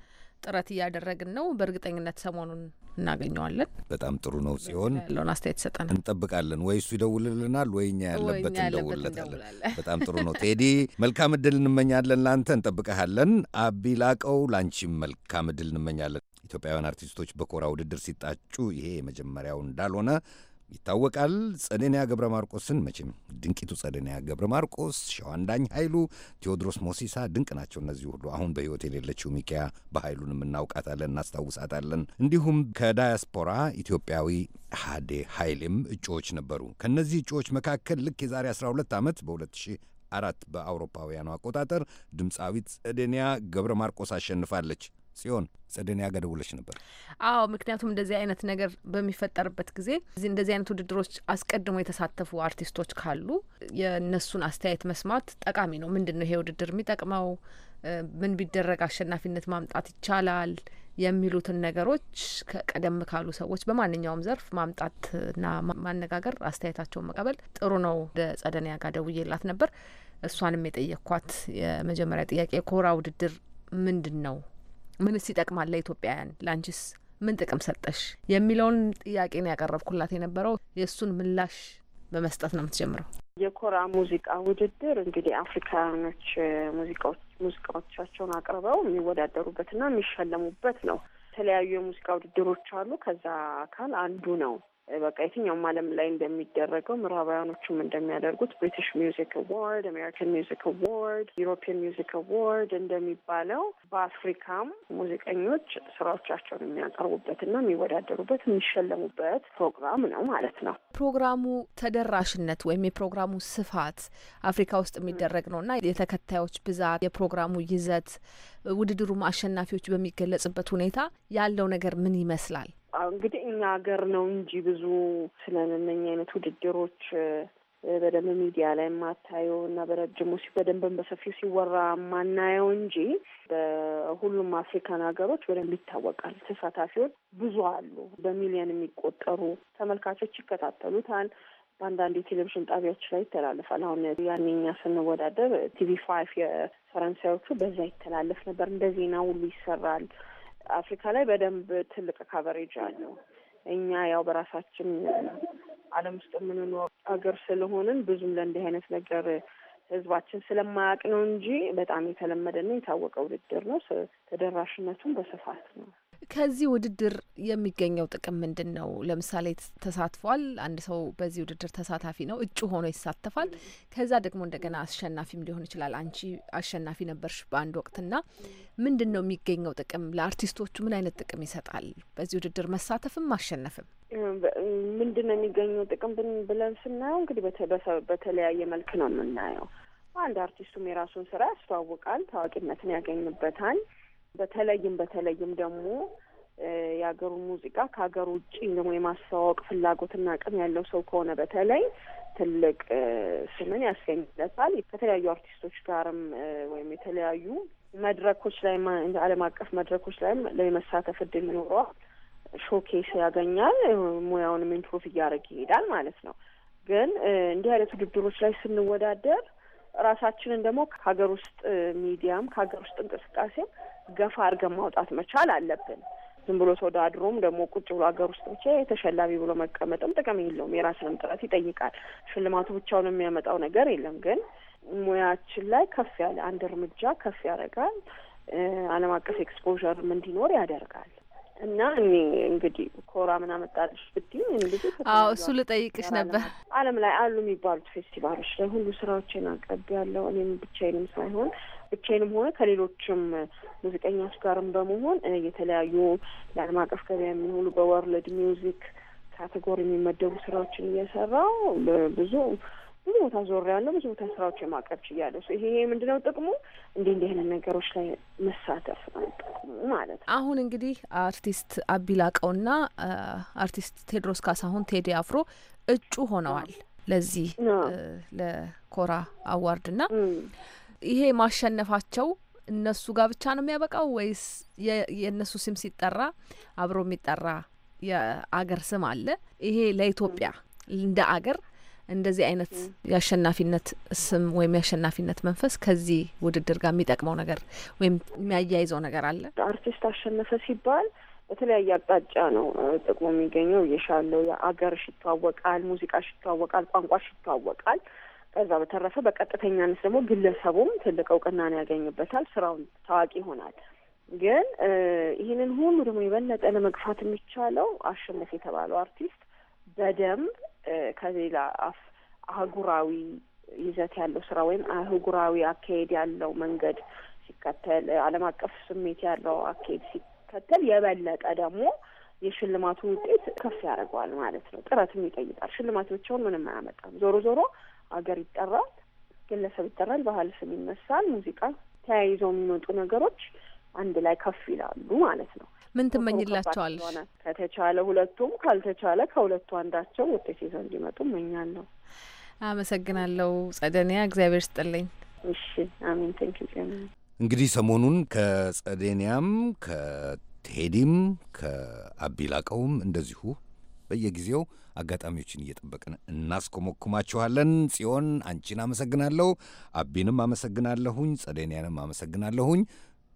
ጥረት እያደረግን ነው። በእርግጠኝነት ሰሞኑን እናገኘዋለን። በጣም ጥሩ ነው። ሲሆን ያለውን አስተያየት ሰጠን እንጠብቃለን። ወይ እሱ ይደውልልናል ወይ እኛ ያለበት እንደውልለታለን። በጣም ጥሩ ነው ቴዲ፣ መልካም እድል እንመኛለን። ለአንተ እንጠብቀሃለን። አቢ ላቀው፣ ለአንቺም መልካም እድል እንመኛለን። ኢትዮጵያውያን አርቲስቶች በኮራ ውድድር ሲጣጩ ይሄ የመጀመሪያው እንዳልሆነ ይታወቃል። ጸደንያ ገብረ ማርቆስን መቼም ድንቂቱ ጸደንያ ገብረ ማርቆስ፣ ሸዋንዳኝ ኃይሉ፣ ቴዎድሮስ ሞሲሳ ድንቅ ናቸው። እነዚህ ሁሉ አሁን በሕይወት የሌለችው ሚኪያ በኃይሉንም እናውቃታለን፣ እናስታውሳታለን። እንዲሁም ከዳያስፖራ ኢትዮጵያዊ ሀዴ ኃይሌም እጩዎች ነበሩ። ከእነዚህ እጩዎች መካከል ልክ የዛሬ 12 ዓመት በ2000 አራት በአውሮፓውያኑ አቆጣጠር ድምፃዊት ጸደንያ ገብረ ማርቆስ አሸንፋለች። ጽዮን ጽድን ያገደውለች ነበር። አዎ ምክንያቱም እንደዚህ አይነት ነገር በሚፈጠርበት ጊዜ እንደዚህ አይነት ውድድሮች አስቀድሞ የተሳተፉ አርቲስቶች ካሉ የእነሱን አስተያየት መስማት ጠቃሚ ነው። ምንድን ነው ይሄ ውድድር የሚጠቅመው? ምን ቢደረግ አሸናፊነት ማምጣት ይቻላል? የሚሉትን ነገሮች ከቀደም ካሉ ሰዎች በማንኛውም ዘርፍ ማምጣትና ማነጋገር፣ አስተያየታቸውን መቀበል ጥሩ ነው። ወደ ጸደንያ ጋር ደውዬላት ነበር። እሷንም የጠየቅኳት የመጀመሪያ ጥያቄ የኮራ ውድድር ምንድን ነው ምንስ ይጠቅማል ለኢትዮጵያውያን፣ ለአንቺስ ምን ጥቅም ሰጠሽ የሚለውን ጥያቄን ያቀረብኩላት የነበረው። የእሱን ምላሽ በመስጠት ነው የምትጀምረው። የኮራ ሙዚቃ ውድድር እንግዲህ አፍሪካኖች ሙዚቃዎች ሙዚቃዎቻቸውን አቅርበው የሚወዳደሩበትና የሚሸለሙበት ነው። የተለያዩ የሙዚቃ ውድድሮች አሉ። ከዛ አካል አንዱ ነው በቃ የትኛውም ዓለም ላይ እንደሚደረገው ምዕራባውያኖቹም እንደሚያደርጉት ብሪቲሽ ሚውዚክ አዋርድ፣ አሜሪካን ሚውዚክ አዋርድ፣ ዩሮፒያን ሚውዚክ አዋርድ እንደሚባለው በአፍሪካም ሙዚቀኞች ስራዎቻቸውን የሚያቀርቡበትና የሚወዳደሩበት የሚሸለሙበት ፕሮግራም ነው ማለት ነው። ፕሮግራሙ ተደራሽነት ወይም የፕሮግራሙ ስፋት አፍሪካ ውስጥ የሚደረግ ነውና የተከታዮች ብዛት፣ የፕሮግራሙ ይዘት፣ ውድድሩም አሸናፊዎች በሚገለጽበት ሁኔታ ያለው ነገር ምን ይመስላል? እንግዲህ እኛ ሀገር ነው እንጂ ብዙ ስለነነኝ አይነት ውድድሮች በደንብ ሚዲያ ላይ የማታየው እና በረጅሙ በደንብም በሰፊው ሲወራ ማናየው እንጂ በሁሉም አፍሪካን ሀገሮች በደንብ ይታወቃል። ተሳታፊዎች ብዙ አሉ። በሚሊዮን የሚቆጠሩ ተመልካቾች ይከታተሉታል። በአንዳንድ የቴሌቪዥን ጣቢያዎች ላይ ይተላለፋል። አሁን ያኛ ስንወዳደር ቲቪ ፋይቭ የፈረንሳዮቹ በዛ ይተላለፍ ነበር። እንደ ዜና ሁሉ ይሰራል። አፍሪካ ላይ በደንብ ትልቅ ካቨሬጅ አለው። እኛ ያው በራሳችን ዓለም ውስጥ የምንኖር አገር ስለሆንን ብዙም ለእንዲህ አይነት ነገር ህዝባችን ስለማያውቅ ነው እንጂ በጣም የተለመደና የታወቀ ውድድር ነው። ተደራሽነቱም በስፋት ነው። ከዚህ ውድድር የሚገኘው ጥቅም ምንድን ነው? ለምሳሌ ተሳትፏል። አንድ ሰው በዚህ ውድድር ተሳታፊ ነው፣ እጩ ሆኖ ይሳተፋል። ከዛ ደግሞ እንደገና አሸናፊም ሊሆን ይችላል። አንቺ አሸናፊ ነበርሽ በአንድ ወቅትና ምንድን ነው የሚገኘው ጥቅም? ለአርቲስቶቹ ምን አይነት ጥቅም ይሰጣል በዚህ ውድድር መሳተፍም ማሸነፍም? ምንድን ነው የሚገኘው ጥቅም ብለን ስናየው እንግዲህ በተለያየ መልክ ነው የምናየው። አንድ አርቲስቱም የራሱን ስራ ያስተዋውቃል፣ ታዋቂነትን ያገኝበታል። በተለይም በተለይም ደግሞ የሀገሩ ሙዚቃ ከሀገር ውጭ ደግሞ የማስተዋወቅ ፍላጎትና አቅም ያለው ሰው ከሆነ በተለይ ትልቅ ስምን ያስገኝለታል። ከተለያዩ አርቲስቶች ጋርም ወይም የተለያዩ መድረኮች ላይ ዓለም አቀፍ መድረኮች ላይም ለመሳተፍ እድል ይኖረዋል። ሾኬስ ያገኛል። ሙያውንም ኢምፕሩቭ እያደረግ ይሄዳል ማለት ነው። ግን እንዲህ አይነት ውድድሮች ላይ ስንወዳደር ራሳችንን ደግሞ ከሀገር ውስጥ ሚዲያም ከሀገር ውስጥ እንቅስቃሴም ገፋ አድርገን ማውጣት መቻል አለብን። ዝም ብሎ ተወዳድሮም ደግሞ ቁጭ ብሎ ሀገር ውስጥ ብቻ የተሸላሚ ብሎ መቀመጥም ጥቅም የለውም። የራስንም ጥረት ይጠይቃል። ሽልማቱ ብቻውን የሚያመጣው ነገር የለም። ግን ሙያችን ላይ ከፍ ያለ አንድ እርምጃ ከፍ ያደርጋል። ዓለም አቀፍ ኤክስፖዠርም እንዲኖር ያደርጋል። እና እኔ እንግዲህ ኮራ ምን አመጣልሽ ብትይኝ እንግዲህ አዎ እሱ ልጠይቅሽ ነበር። ዓለም ላይ አሉ የሚባሉት ፌስቲቫሎች ላይ ሁሉ ስራዎችን አቀብ ያለው እኔም ብቻዬንም ሳይሆን ብቻዬንም ሆነ ከሌሎችም ሙዚቀኞች ጋርም በመሆን የተለያዩ ለዓለም አቀፍ ገበያ የሚሆኑ በወርልድ ሚውዚክ ካቴጎሪ የሚመደቡ ስራዎችን እየሰራው ብዙ ብዙ ቦታ ዞር ያለው ብዙ ቦታ ስራዎች የማቅረብ ችያለሁ። ይሄ ምንድነው ጥቅሙ? እንዲህ እንዲህ አይነት ነገሮች ላይ መሳተፍ ማለት ነው። አሁን እንግዲህ አርቲስት አቢላቀውና አርቲስት ቴድሮስ ካሳሁን ቴዲ አፍሮ እጩ ሆነዋል ለዚህ ለኮራ አዋርድ ና ይሄ ማሸነፋቸው እነሱ ጋር ብቻ ነው የሚያበቃው ወይስ የእነሱ ስም ሲጠራ አብሮ የሚጠራ የአገር ስም አለ? ይሄ ለኢትዮጵያ እንደ አገር እንደዚህ አይነት የአሸናፊነት ስም ወይም የአሸናፊነት መንፈስ ከዚህ ውድድር ጋር የሚጠቅመው ነገር ወይም የሚያያይዘው ነገር አለ? አርቲስት አሸነፈ ሲባል በተለያየ አቅጣጫ ነው ጥቅሙ የሚገኘው። የሻለው የአገርሽ ይተዋወቃል፣ ሙዚቃሽ ይተዋወቃል፣ ቋንቋሽ ይተዋወቃል። ከዛ በተረፈ በቀጥተኛነት ደግሞ ግለሰቡም ትልቅ እውቅናን ያገኝበታል፣ ስራውን ታዋቂ ይሆናል። ግን ይህንን ሁሉ ደግሞ የበለጠ ለመግፋት የሚቻለው አሸነፍ የተባለው አርቲስት በደንብ ከሌላ አፍ አህጉራዊ ይዘት ያለው ስራ ወይም አህጉራዊ አካሄድ ያለው መንገድ ሲከተል ዓለም አቀፍ ስሜት ያለው አካሄድ ሲከተል የበለጠ ደግሞ የሽልማቱ ውጤት ከፍ ያደርገዋል ማለት ነው። ጥረትም ይጠይቃል። ሽልማት ብቻውን ምንም አያመጣም። ዞሮ ዞሮ አገር ይጠራል፣ ግለሰብ ይጠራል፣ ባህል ስም ይነሳል፣ ሙዚቃ ተያይዘው የሚመጡ ነገሮች አንድ ላይ ከፍ ይላሉ ማለት ነው። ምን ትመኝላቸዋለሽ? ከተቻለ ሁለቱም፣ ካልተቻለ ከሁለቱ አንዳቸው ውጤት ይዘው እንዲመጡ እመኛለሁ። አመሰግናለሁ ጸደኒያ፣ እግዚአብሔር ስጥልኝ። እሺ፣ አሜን። ቴንክ ዩ። እንግዲህ ሰሞኑን ከጸደኒያም ከቴዲም ከአቢላቀውም እንደዚሁ በየጊዜው አጋጣሚዎችን እየጠበቅን እናስኮሞኩማችኋለን። ጽዮን አንቺን አመሰግናለሁ። አቢንም አመሰግናለሁኝ። ጸደኒያንም አመሰግናለሁኝ።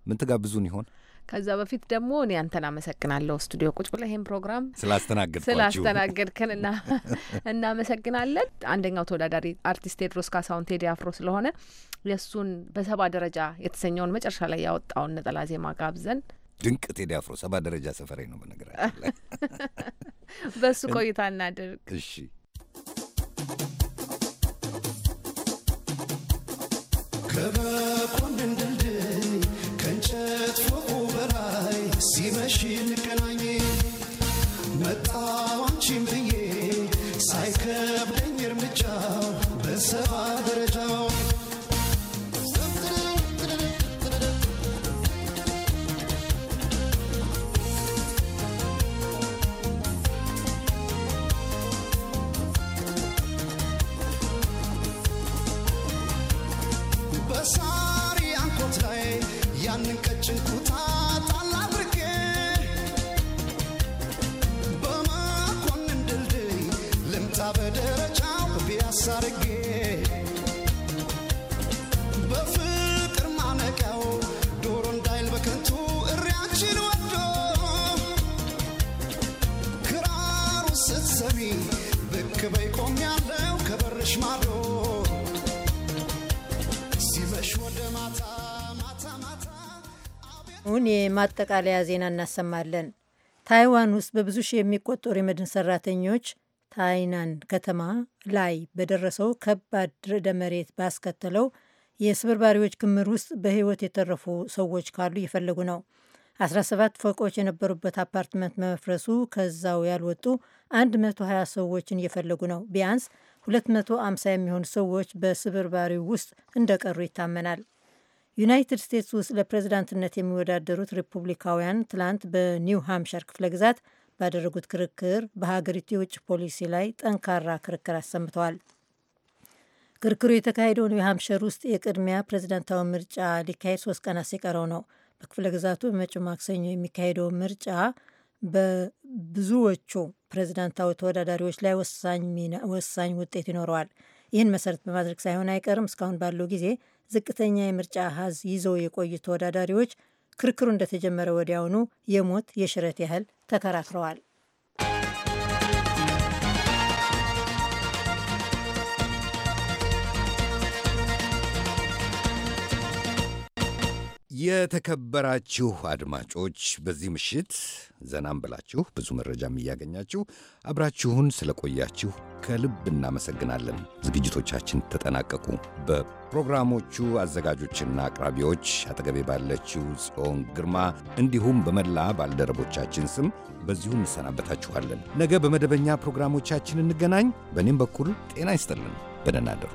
ምን ትጋብዙን ይሆን? ከዛ በፊት ደግሞ እኔ አንተን አመሰግናለሁ። ስቱዲዮ ቁጭ ብለህ ይህን ፕሮግራም ስላስተናገድ ስላስተናገድክን እናመሰግናለን። አንደኛው ተወዳዳሪ አርቲስት ቴድሮስ ካሳሁን ቴዲ አፍሮ ስለሆነ የእሱን በሰባ ደረጃ የተሰኘውን መጨረሻ ላይ ያወጣውን ነጠላ ዜማ ጋብዘን ድንቅ ቴዲ አፍሮ ሰባ ደረጃ ሰፈሬ ነው በነገራችን በእሱ ቆይታ እናድርግ። እሺ ከበቆንድን መሽ እንገናኝ መጣው አንቺን ብዬ ሳይከብደኝ እርምጃ በሰባ አሁን የማጠቃለያ ዜና እናሰማለን። ታይዋን ውስጥ በብዙ ሺህ የሚቆጠሩ የመድን ሰራተኞች ታይናን ከተማ ላይ በደረሰው ከባድ ርዕደ መሬት ባስከተለው የስብርባሪዎች ክምር ውስጥ በህይወት የተረፉ ሰዎች ካሉ እየፈለጉ ነው። 17 ፎቆች የነበሩበት አፓርትመንት መፍረሱ ከዛው ያልወጡ 120 ሰዎችን እየፈለጉ ነው። ቢያንስ 250 የሚሆኑ ሰዎች በስብርባሪው ውስጥ እንደቀሩ ይታመናል። ዩናይትድ ስቴትስ ውስጥ ለፕሬዝዳንትነት የሚወዳደሩት ሪፑብሊካውያን ትላንት በኒው ሃምፕሸር ክፍለ ግዛት ባደረጉት ክርክር በሀገሪቱ የውጭ ፖሊሲ ላይ ጠንካራ ክርክር አሰምተዋል። ክርክሩ የተካሄደው ኒው ሃምፕሸር ውስጥ የቅድሚያ ፕሬዝዳንታዊ ምርጫ ሊካሄድ ሶስት ቀናት ሲቀረው ነው። በክፍለ ግዛቱ በመጪው ማክሰኞ የሚካሄደው ምርጫ በብዙዎቹ ፕሬዝዳንታዊ ተወዳዳሪዎች ላይ ወሳኝ ውጤት ይኖረዋል። ይህን መሰረት በማድረግ ሳይሆን አይቀርም። እስካሁን ባለው ጊዜ ዝቅተኛ የምርጫ አሃዝ ይዘው የቆዩ ተወዳዳሪዎች ክርክሩ እንደተጀመረ ወዲያውኑ የሞት የሽረት ያህል ተከራክረዋል። የተከበራችሁ አድማጮች በዚህ ምሽት ዘናም ብላችሁ ብዙ መረጃም እያገኛችሁ አብራችሁን ስለቆያችሁ ከልብ እናመሰግናለን። ዝግጅቶቻችን ተጠናቀቁ። በፕሮግራሞቹ አዘጋጆችና አቅራቢዎች አጠገቤ ባለችው ጽዮን ግርማ እንዲሁም በመላ ባልደረቦቻችን ስም በዚሁ እንሰናበታችኋለን። ነገ በመደበኛ ፕሮግራሞቻችን እንገናኝ። በእኔም በኩል ጤና ይስጥልን። በደህና አደሩ።